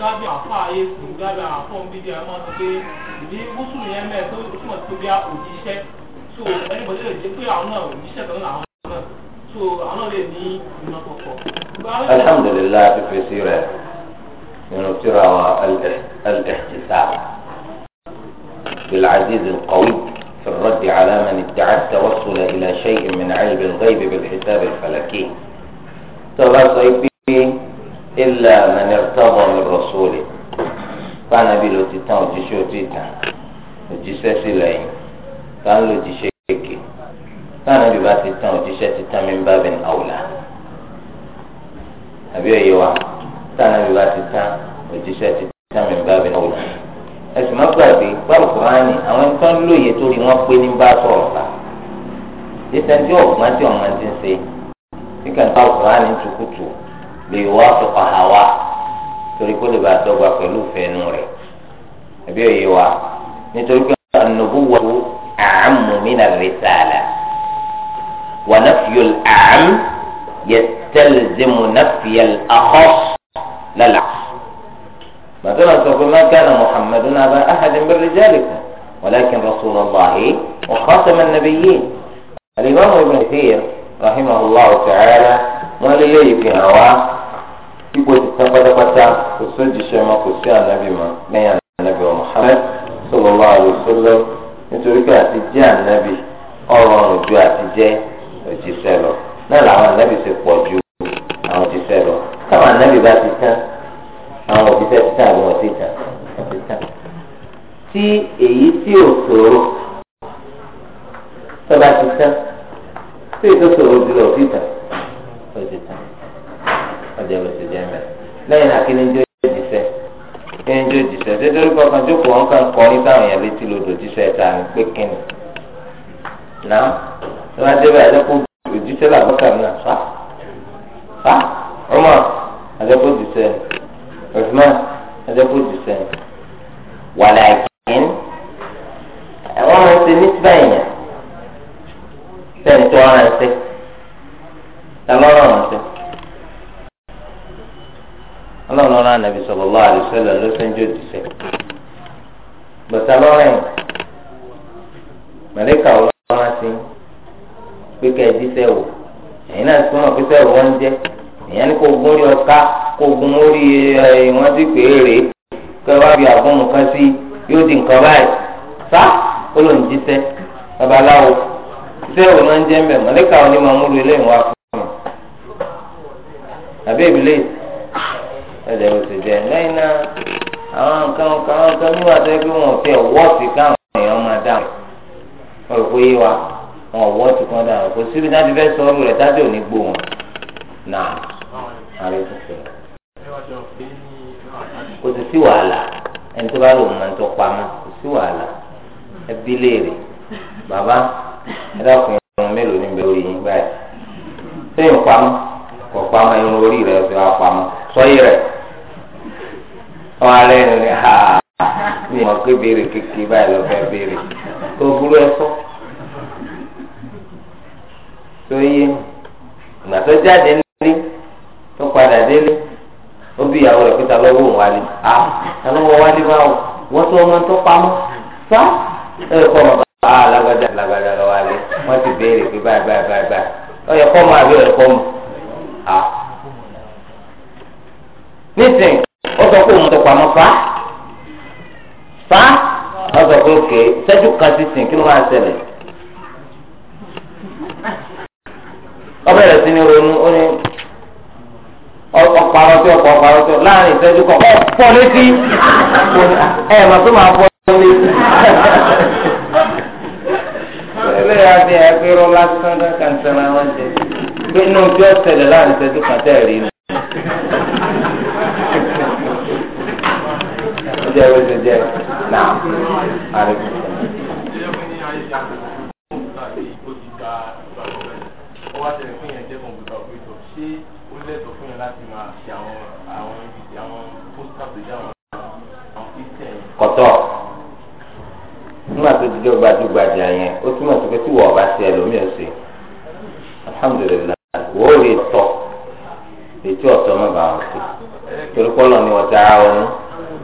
gábí àfa èkó gábí àfọ bíbí ẹ máa sọ pé ìdí wúsùn yẹn mẹ tó túmọ̀ sí pé òjíṣẹ́ so ẹnìbọ̀dé lè jẹ́ pé àwọn náà òjíṣẹ́ kan làwọn náà so àwọn náà lè ní ìmọ̀ kọ̀kọ̀. alhamdulilayi ti fèsì rẹ nínú tíra wa al-ihtisab bil-aziz al-qawi في الرد على من ادعى التوصل إلى شيء من علم الغيب بالحساب الفلكي. ترى صيفي ilà mẹnẹrìtọ́bọ̀ mi rọ̀sọ́ọ̀lì fáànàbí ló ti tán òjíṣẹ́ ó ti tàn òjíṣẹ́ sí lẹ́yìn fáànà ló ti ṣe kéèké fáànàbí bá ti tán òjíṣẹ́ ti tán mi ń bá bẹ̀ ní àwòlá àbí ẹ̀yẹ wa fáànàbí bá ti tán òjíṣẹ́ ti tán mi ń bá bẹ̀ ní àwòlá ẹ̀sìn má gbàgbé báwo kò máa ní àwọn ẹni tán lóye tó rí wọn pé ní bá sọ̀rọ̀ ta ìṣẹ́ntì ọ̀gbọ́n àti ọ̀mọ́ ti ń ṣe kíkà ní báwo kò máa ní tukutu. bí ليوافق هواه torí kó lè bá a dọ́gba pẹ̀lú fẹ́nu rẹ̀ ẹbí òye wa nítorí pé an-nubuwwa a'ammu min ar-risala wa nafyu al-a'am yastalzimu nafya al-akhass lálà. bàtà náà sọ pé ma kana muhammadun aba ahadin min rijalikum walakin rasulallahi wa khatama an-nabiyyin. al-imam ibn kathir rahimahullahu ta'ala wọn lè yẹ ìfihàn ipò ti tán pátápátá kò sí òjíṣẹ́ mọ́ kò sí ànábì mọ́ lẹ́yìn ànábì wa Muhammad sallallahu alaihi wasallam nítorí pé àti jẹ́ ànábì ọ̀rọ̀ ọ̀rùn ju àti jẹ́ òjíṣẹ́ lọ náà làwọn ànábì ti pọ̀ ju àwọn òjíṣẹ́ lọ táwọn ànábì bá ti tán àwọn òjíṣẹ́ ti tán àbí wọn ti tán tí èyí tí ò ṣòro tó bá ti tán tí èyí tó ṣòro jùlọ ò ti tán. lẹ́yìn náà kí ni jó jíṣẹ́ kí ni jó jíṣẹ́ tẹ́tẹ́rú kankan jókòó wọn kàn kọ́ ní táwọn èèyàn létí lodò jíṣẹ́ ta ni pé kí ni náà tí wọ́n á débẹ̀ àjẹkù òjíṣẹ́ làbọ́kà náà fa fa ọmọ àjẹkù jíṣẹ́ Usman àjẹkù jíṣẹ́ wàlàkín àwọn ọmọ ti ní báyìí sẹ́ńtọ́ ọ̀rẹ́ sẹ́ ta lọ́rọ̀ ọ̀rẹ́ sẹ́. ọlọ́run ọ̀rọ̀ ànàbì sallallahu alaihi wasallam ló sẹ́ńjọ́ òjíṣẹ́ bàtà lọ́rẹ̀ mẹ̀lẹ́kà ọlọ́run á sí pé wò ẹ̀yin náà sọ ma pípẹ́ wọ́n ń jẹ́ ìyẹn ní kó gun orí ọ̀ká kó gun orí ìwọ́n ti pè é rè é kó ẹ wá fi àbọ̀mù kan sí yóò di nǹkan báyìí sá ó jíṣẹ́ babaláwo wò ń jẹ́ ẹ̀jẹ̀ ló ti lẹ́yìn náà àwọn nǹkan àwọn nǹkan níwà tó yẹ wọ́n ti ọ̀wọ́ ti káwọn èèyàn máa dà wọ́n rò pé wa wọn ọ̀wọ́ ti kàn dà wọ́n kò síbi náà fẹ́ sọ ọ́rù rẹ̀ tábí òní gbò wọn náà àrẹ tó kò sì sí wàhálà ẹni tó bá rò mọ́ tó pamọ́ kò sí wàhálà ẹbí léèrè bàbá ẹ dákun ẹ̀rọ mélòó níbi orí yín báyìí sẹ́yìn pamọ́ kọ̀ pamọ́ irun orí rẹ̀ ọ̀sẹ̀ wa pamọ́ sọ́yìn rẹ̀ wọn alẹ́ ní ní ha ní wọn pé béèrè kékeré báyìí lọ fẹ́ béèrè tó burú ẹ̀kọ́ tó yé ìgbà tó jáde nílé tó padà délé ó bí ìyàwó rẹ̀ pété alọ́wọ́ òun wálé a alọ́wọ́ wálé báwo wọ́n tó ọmọ tó pamọ́ sá ẹ kọ́ ọmọ bá a lágbájá lágbájá lọ wálé wọ́n ti béèrè pé báyìí báyìí báyìí báyìí ọ yẹ kọ́ ọmọ àbí ọ yẹ kọ́ ọmọ a nísìnyí sọ pé òun tó pamọ́ fa fa wọ́n sọ pé òkè sẹ́jú kan ti sìn kí ló máa ṣẹlẹ̀ ọbẹ̀ rẹ̀ sí ni ronú ó ní ọ̀pọ̀ tí ọ̀pọ̀ ọ̀pọ̀ tí láàrin ìṣẹ́jú kan ọ̀ pọ̀ létí ẹ̀ mà tó máa pọ̀ létí. ẹgbẹ́ yà ti ẹgbẹ́ rọ lásán kankan sẹ́ra wọn jẹ pé inú tí ó ṣẹlẹ̀ láàrin ìṣẹ́jú kan tẹ̀ rí ni. jẹ́ bó ṣe jẹ́ náà àríkù. kọtọ nígbà tó ti jẹ́ gbajúgbajà yẹn ó túmọ̀ sí pé tí wọ́n bá ṣe ẹlòmíràn ṣe alhamdulilayi wọ́n ò lè tọ́ ètò mọ̀ bá wọn ṣe torí pọ́lọ́ ni wọ́n ti ara wọn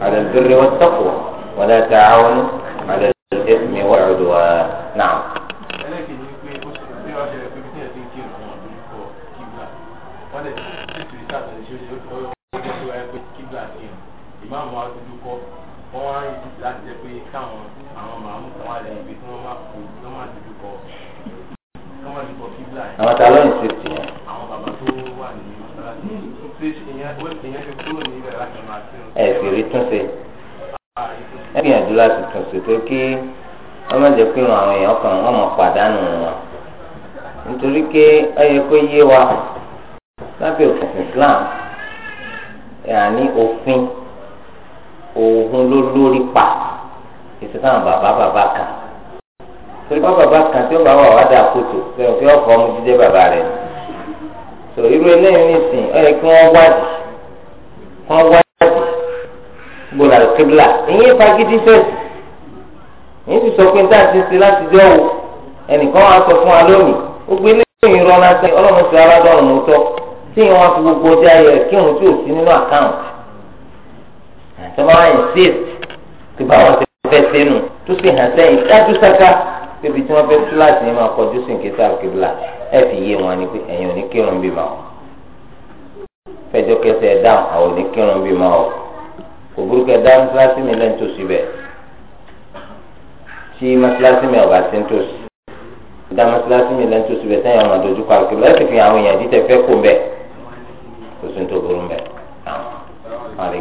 على البر والتقوى ولا تعاونوا على الإثم والعدوان نعم àwọn ta ló ń ṣe yẹn. àwọn bàbá tó wà ní mọ́sálásí. ṣé ìyẹn ìyẹn ti kúrò ẹ sì rí túnṣe ẹ gbìyànjú láti túnṣe tó kí wọ́n má jẹ́ pé wọn àwọn èèyàn kan wọ́n mọ̀ pàdánù wọn nítorí pé kó yé wa lábẹ́ òfin Islam yàní òfin ló lórí pa Isi bàbá bàbá kan torí bá bàbá kan tí ó bá wà wá dáa kótó pé òfin ọ̀fọ̀ ọmọ jíjẹ́ bàbá rẹ̀ ni irú eléyìí nìsín yẹ gbọ́dọ̀ àlùkébìlà ìyẹn fagídí fẹ́ẹ̀sì èyí ti sọ pé ní táà ṣe láti òwò ẹnìkan sọ fún wa lónìí ó gbé lẹ́yìn ìrọ̀ lásán ọlọ́run ti ara dọ̀rùn mọ́ tí ìyẹn wọn fi gbogbo ọjà yẹ kí òun tí ò sí nínú àkáǹtì àtọ́mọ́ àyìn tí báwọn ti fẹ́ sínú tó sì hàn sẹ́yìn dájú sáká pébi tí wọ́n fẹ́ kíláàsì yẹn máa kọjú sí nkéṣà àlùkébìlà ẹ fi yé wọn ni pé ẹ̀yin ò ní kírun kò burúkú ẹ dá mọ́sálásí mi lẹ́nu tó sí bẹ́ẹ̀ tí mọ́sálásí mi ọ̀gá sí ń tó sí dá mọ́sálásí mi lẹ́nu tó sí bẹ́ẹ̀ sẹ́yìn ọmọ dojú kọ àkùrọ̀ ẹ̀ sì fi àwọn èèyàn dìtẹ̀ fẹ́ kó bẹ́ẹ̀ kò sí ń tó burú bẹ́ẹ̀ náà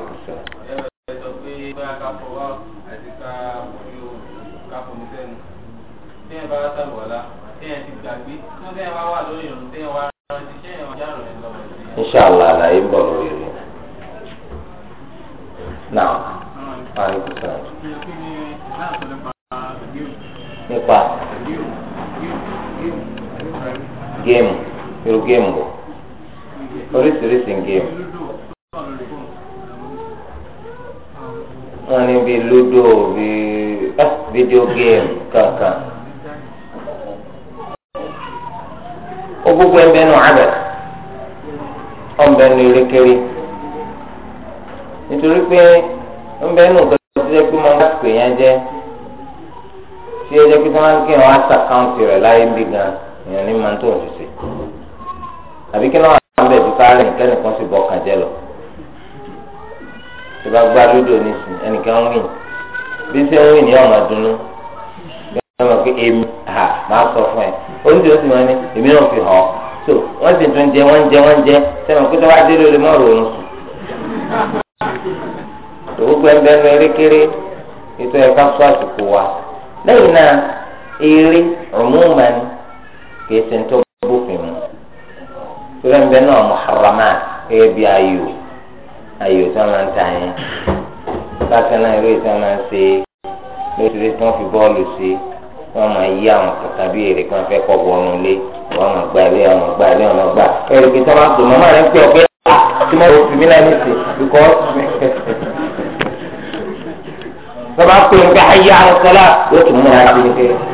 Inshallah àlàyé ń géèmù irú géèmù wò oríṣiríṣi géèmù. wọ́n ní bíi lúdò bíi ẹ́ video game, kankan. ó gbogbo ẹ̀ bẹ́ẹ̀ nù abẹ́ ọ̀nbẹ́ nù erékeré nítorí pé ọ̀nbẹ́ nù kan tó ti jẹ́ pé wọ́n bá pè yẹn jẹ́ tí ó jẹ́ pé tí kí wọ́n á sàkáǹtì rẹ̀ láyé bí gan-an èèyàn ní máa ń tó òun ṣiṣẹ́ àbí kí náà wà bẹ́ẹ̀ bí kárẹ̀ nìkan nìkan sì bọ́ ọkàn jẹ́ lọ tí bá gbá lódò nísìnyí ẹnìkan ń wìn bí sẹ́ ń wìn ní ọ̀nà dunu bí wọ́n mọ̀ pé èmi hà máa sọ fún ẹ oúnjẹ ó sì máa ní èmi náà fi hàn so wọ́n sì tún jẹ wọ́n jẹ wọ́n jẹ sẹ́wọ̀n pé tó bá dé lórí mọ́ọ̀rù òun sùn gbogbo ẹ̀ ń bẹ́ẹ̀ lọ erékeré ètò ẹ̀ka sọ àsìkò wa lẹ́yìn náà eré ọ̀múnmá ni kì í ṣe ń tó bófin mu torí ń bẹ náà muharramat gẹ́gẹ́ bí ayò ayò tí wọ́n máa ń ta yẹn bákan náà eré tí wọ́n máa ń ṣe lóṣèlú tí wọ́n fi bọ́ọ̀lù sí wọ́n máa yí àwọn kàkà bí èrè kan fẹ́ kọ́ bọ́ọ̀lù lé wọ́n máa gba ilé wọ́n máa gba ilé wọ́n máa gba ẹ̀rì kí sọ́wọ́n tó mọ́ máa ń pè ọ́ ah, tí mo fi mí lẹ́nu sí bíkọ́ sọ́wọ́n pè ń gbà ayé àwọn sọ́lá yóò tún múra sí i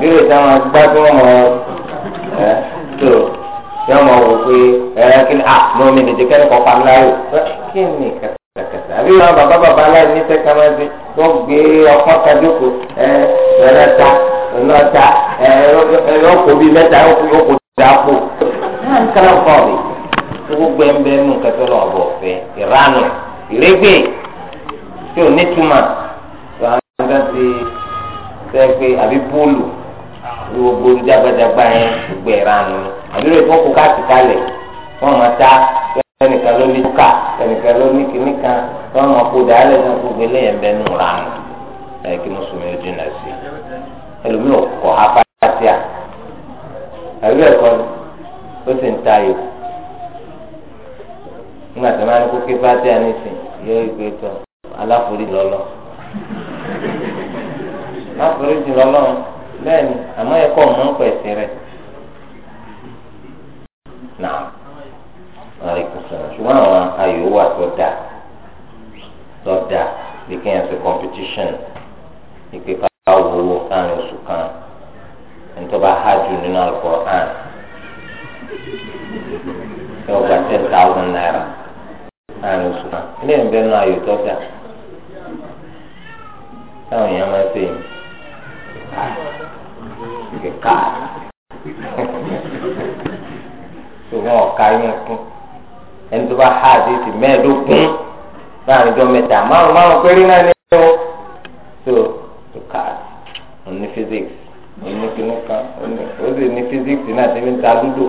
nínú ìtàwọn agbádùn ọmọ ẹ tó yọ ọmọ wò pé ẹ kí ni ah mo mi nìjẹ kẹ́ni kọ́ pa ńlá yìí kí ni kàkàkàkà àbí wọn bàbá bàbá aláì ní sẹ́ka máa di wọ́n gbé ọkọ̀ kadoko ẹ ẹ̀rọ ta ẹ̀rọ ta ẹ̀rọ kò bí mẹ́ta ẹ̀rọ kò dàpọ̀ náà kàlà fọ́ọ̀rì gbogbo ẹ̀ńbẹ́ nù kẹtọ́ lọ́wọ́ bọ̀ fẹ́ ìranù ìrégbè tí ò ní túmọ̀ lọ́wọ́ àti sẹ́gbẹ́ àbí bóòlù gbogbo jágbàjágbà yẹn gbogbo ẹ̀rọ àná àdúrà ìfọ́n kó káàtì kalẹ̀ wọ́n máa ta ẹnìkan ló ní ká ẹnìkan ló ní kíní kan wọ́n máa kó dàálẹ̀ náà gbogbo eléyẹn bẹ́ẹ̀ nù rà nù ẹ̀ kí mùsùlùmí ojú nà sí ẹlòmíì ọkọ̀ afáàtìà ẹ̀rú ẹ̀kọ́ ó sì ń ta yòó nígbà tí wọ́n á ní kó ké fáàtìà nísìn yọ ìgbé tán aláforí lọ́lọ́ aláforí lọ́lọ́ bẹ́ẹ̀ni àmọ́ ẹ̀kọ́ ọmọ ń pẹ ẹsẹ rẹ náà àríkùsọ̀rọ̀ ṣùgbọ́n àwọn ayò wà tó dáa tó dáa bí kéèyàn ṣe competition ìpè ká wúwo láàrin oṣù kan ẹni tó bá há jù nínú Al-Qur'an ṣé ọgbà ten thousand naira láàrin oṣù kan ilé ìbẹ́nu ayò tó dáa táwọn èèyàn máa ń sèyìn. ìdè ká tó wọn ọ̀ka yẹn kún ẹni tó bá há àdéhùn mẹ́ẹ̀ẹ́dógún láàrin ọjọ́ mẹ́ta márùn márùn péré náà ní ẹ̀rọ tó to ká òní physics òní sì ní physics náà ti fi ta dúdú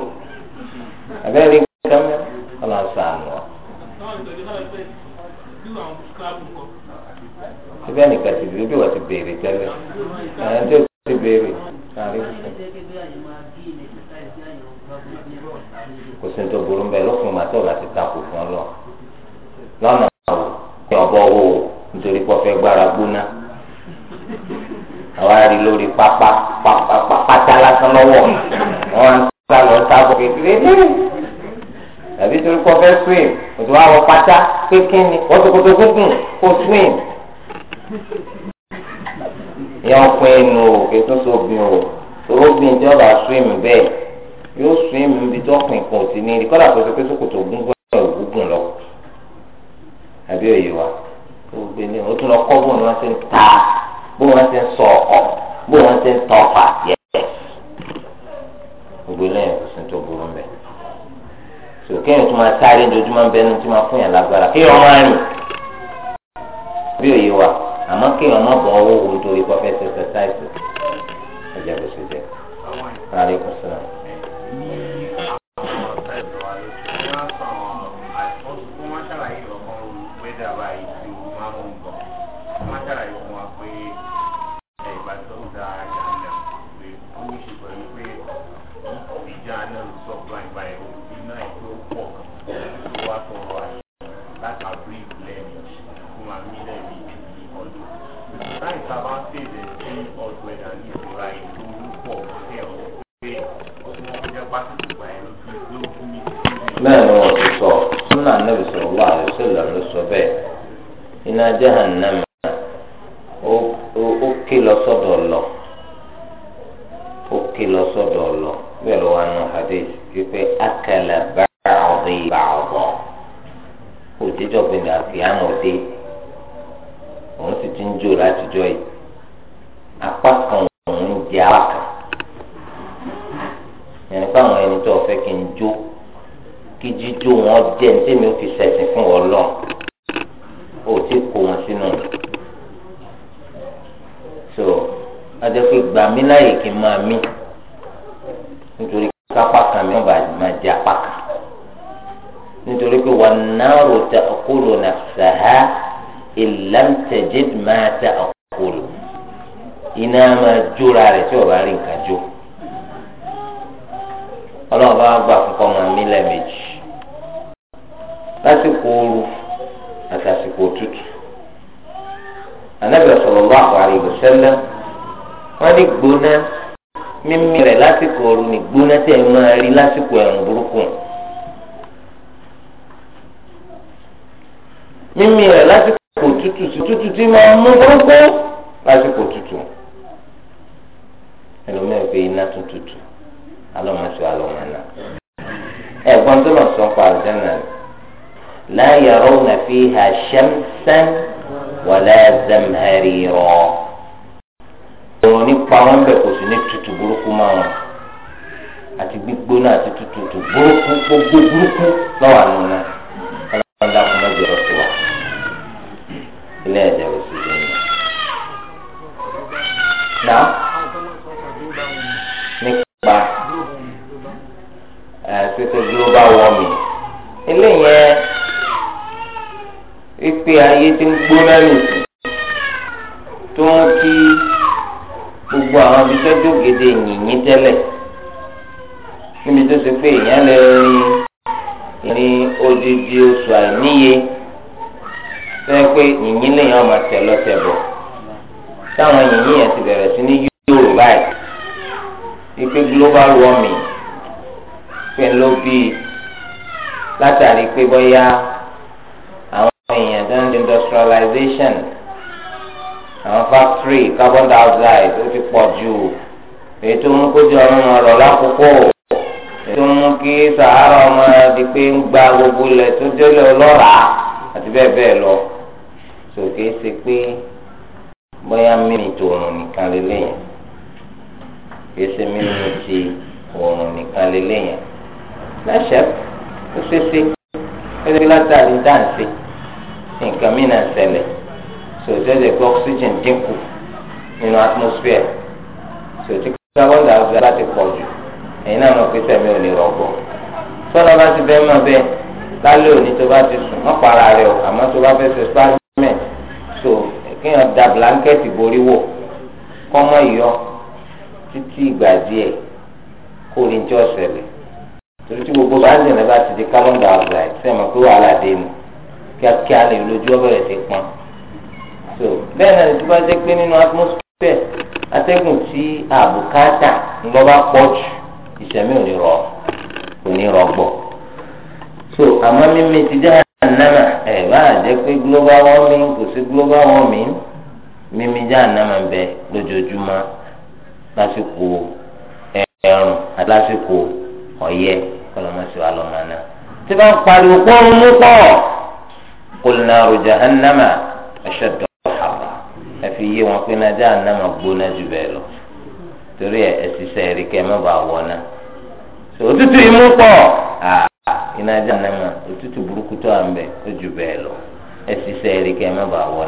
abẹ́rẹ́ nǹkan mẹ́rin ọ̀là ń síbẹ̀ nìkan ti bíbí wọ́n ti béèrè tẹ́lẹ̀ àwọn tó ti béèrè. kò sí ní tó burú bẹ́ẹ̀ lókun màtí ọ̀la ti ta kò fún ọ lọ lọ́nà àwò ní ọ̀bọ owó nítorí pé ọ̀fẹ́ gbára gbóná àwọn arí lórí pápá pátá lásán lọ́wọ́ wọn ń sá lọ sábọ̀ kékeré tàbí torí pé ọ̀fẹ́ swim òtún wà wọ pátá pé kí ni wọ́n tó kótó gúngùn kó swim. yẹn ń o inú òkè tó sóbin o tòró gbìn tí ọba swim bẹ́ẹ̀ yóò swim bí tó pin kò sí ní kọ́dà tó ṣe pé sókòtò ẹ̀ lọ o tún lọ kọ́ bóun wọn ṣe ń ta bóun wọn ṣe ń ọkọ bóun wọn ṣe ń tọ gbogbo kò sí tó burú yẹn tó máa sáré bẹ́ẹ̀ ni máa fún yàn àmọ́ kéèyàn má bọ̀ owó àti gbígbóná àti tútù burúkú gbogbo burúkú lọ́wọ́ àánú náà ọlọ́dà kún mẹ́jọ lọ sí wa ilé ẹ̀jẹ̀ rẹ̀ sì lè yàn. Nà nípa ẹ̀ẹ́dẹ́gbẹ́ global warming eléyẹn wípé ayé ti ń gbóná nì bóyá àwọn èèyàn tó ń di industrialization àwọn factory carbon dioxide ó ti pọ̀ jù èyí tó mú kójú ọrùn ọ̀rọ̀ lákòókò èyí mú kí sahara ọmọ di pé ń gba gbogbo ilẹ̀ tó délé ọlọ́ràá àti bẹ́ẹ̀ bẹ́ẹ̀ lọ sòkè ṣe pé bóyá mímì tó òrùn nìkan lélẹ́yìn kì í ṣe mímì ti òrùn nìkan lélẹ́yìn láṣẹ ó ṣeéṣe látàrí dáǹsì nǹkan mìíràn ṣẹlẹ̀ sòtẹ́jẹ̀ pé oxygen dínkù nínú atmosphere sòtí carbon dioxide láti pọ̀ jù ẹ̀yin náà mọ̀ pé sẹ̀mí ò lè rọ̀gbọ̀ sọ́dọ̀ bá ti bẹ́ẹ̀ mọ̀ bẹ́ẹ̀ lálẹ́ òní tó bá ti sùn mọ́ para rẹ̀ o àmọ́ tó bá fẹ́ ṣe spasmẹ̀ so kéèyàn da blanketi borí wò kọ́mọ ìyọ títí ìgbà díẹ̀ kó ní jọ́ ṣẹlẹ̀ torí tí gbogbo bá zìnà bá ti di kálọ́ndà ọ̀gbà ẹ̀ sẹ́mi pé wàhálà dé ni kíákíá lè lójú ọbẹ̀rẹ̀ ti pọ́n so bẹ́ẹ̀ náà tí wọ́n ti pé nínú atmosphere atẹ́gùn tí àbùkátà ńlọ bá pọ̀ jù ìṣẹ̀mí ò ní rọ kò ní rọ gbọ̀ so àmọ́ mímí ti dá ànámà ẹ̀ bá jẹ́ pé global warming kò sí global warming mímí dá ànámà ń bẹ lójoojúmọ́ lásìkò ẹ̀rùn àti lásìkò ọ̀yẹ́ kọlọmọsí wa lọ mọnà tí bá ń pariwo pọ́n mú pọ̀ kólínà rojà hànàmà ẹ̀ṣẹ̀ dọ̀rọ̀ hàbà ẹ fi yé wọn pé nájà hànàmà gbóná jù bẹ́ẹ̀ lọ torí ẹ ẹsísẹ́ ẹ̀rí kẹ́ má bàa wọ̀ náà òtútù imú pọ̀ iná jà nàmà òtútù burúkú tó à ń bẹ̀ ó jù bẹ́ẹ̀ lọ ẹsísẹ́ ẹ̀rí kẹ́ má bàa wọ̀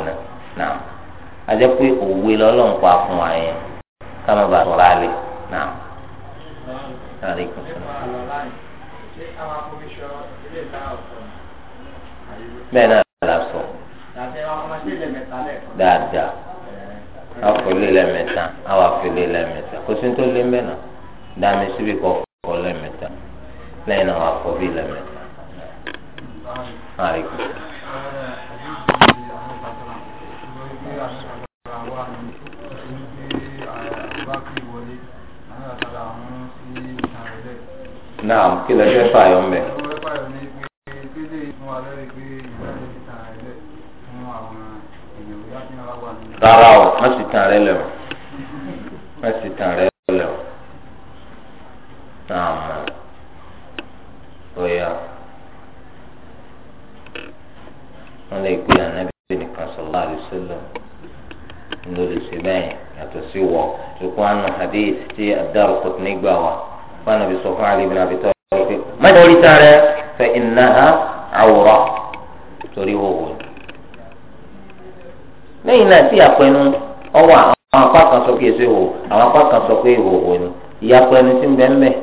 náà ajẹ́ pé òwe lọ́lọ́ǹkọ́ àfún wa yẹn ká má bàa sọ̀rọ̀ àlè náà. Alaikum salaam bẹ́ẹ̀ náà la sọ dáadáa afọlẹ lẹ́mẹ̀ta àwọn afọlẹ lẹ́mẹ̀ta kò sí nítorí lẹmẹ náà dàmí síbi kọ fọ lẹ́mẹ̀ta lẹ́yìn náà wà fọ bí lẹ́mẹ̀ta. náà kí lè fẹ́ fààyọ̀ ń bẹ̀. rárá o má sì tàn rẹ lẹ o má sì tàn rẹ lẹ o náà mọ̀ ọ́ yà wọn lè gbé ànábì nìkan sọlá àdìsílẹ ńlọrọsí bẹ́ẹ̀ yàtọ̀ sí wọ tukọ àná hadith tí adarukut nígbà wa. wọn nàbí sọ Ali ibn Abi Talib pé mẹ́ta orí ta rẹ fẹ́ iná àwòrán torí wòwò. lẹ́yìn náà tí àpẹnu kan sọ pé èso ìwò àwọn apá kan sọ pé ìwòwò ni ìyàpọ̀ ẹni tí ń bẹ́ẹ̀ mbẹ́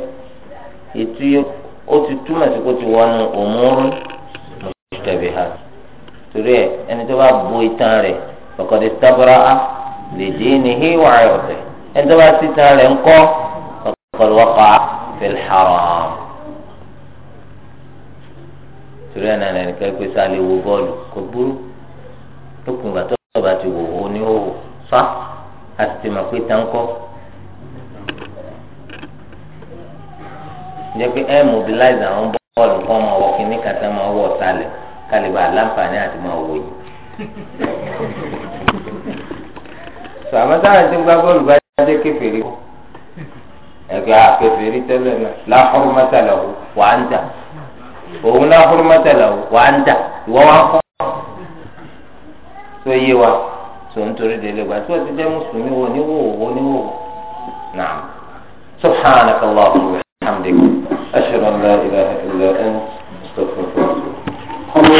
ti túmọ̀ sí kó ti wọnú òmùrún mushtabihat torí ẹ ẹni tó bá bo itan rẹ̀ faqad istabra li dinihi wa 'irdihi ẹni tó قد وقع في الحرام torí àná ẹni kan pé sá lè wo bọ́ọ̀lù kò burú lókun ìgbà tó ọba ti wò ó ní òwò fa a sì ti mọ̀ pé táǹkọ́ jẹ́ pé ẹ mobilize àwọn bọ́ọ̀lù kan máa wọ kí ní kàtà máa wọ̀ sálẹ̀ kálíbà láǹfààní àti máa wò yìí. sọ àmọ́ sáà ti ń bọ́ọ̀lù bá dé kékeré kọ́. ẹgbẹ́ akẹfẹ́rí tẹ́lẹ̀ la láhùrù mẹ́tàlá o wà á ń tà òun láhùrù mẹ́tàlá o wà á ń tà ìwọ́ wa kọ́ tó yé wa ń torí délé wa ko to ye wa so wọ́n ti jẹ́ je musulmi wo ní wo wo ní wòwò náà subhanaka allahumma wa bihamdika ashhadu an la ilaha illa anta astaghfiruka.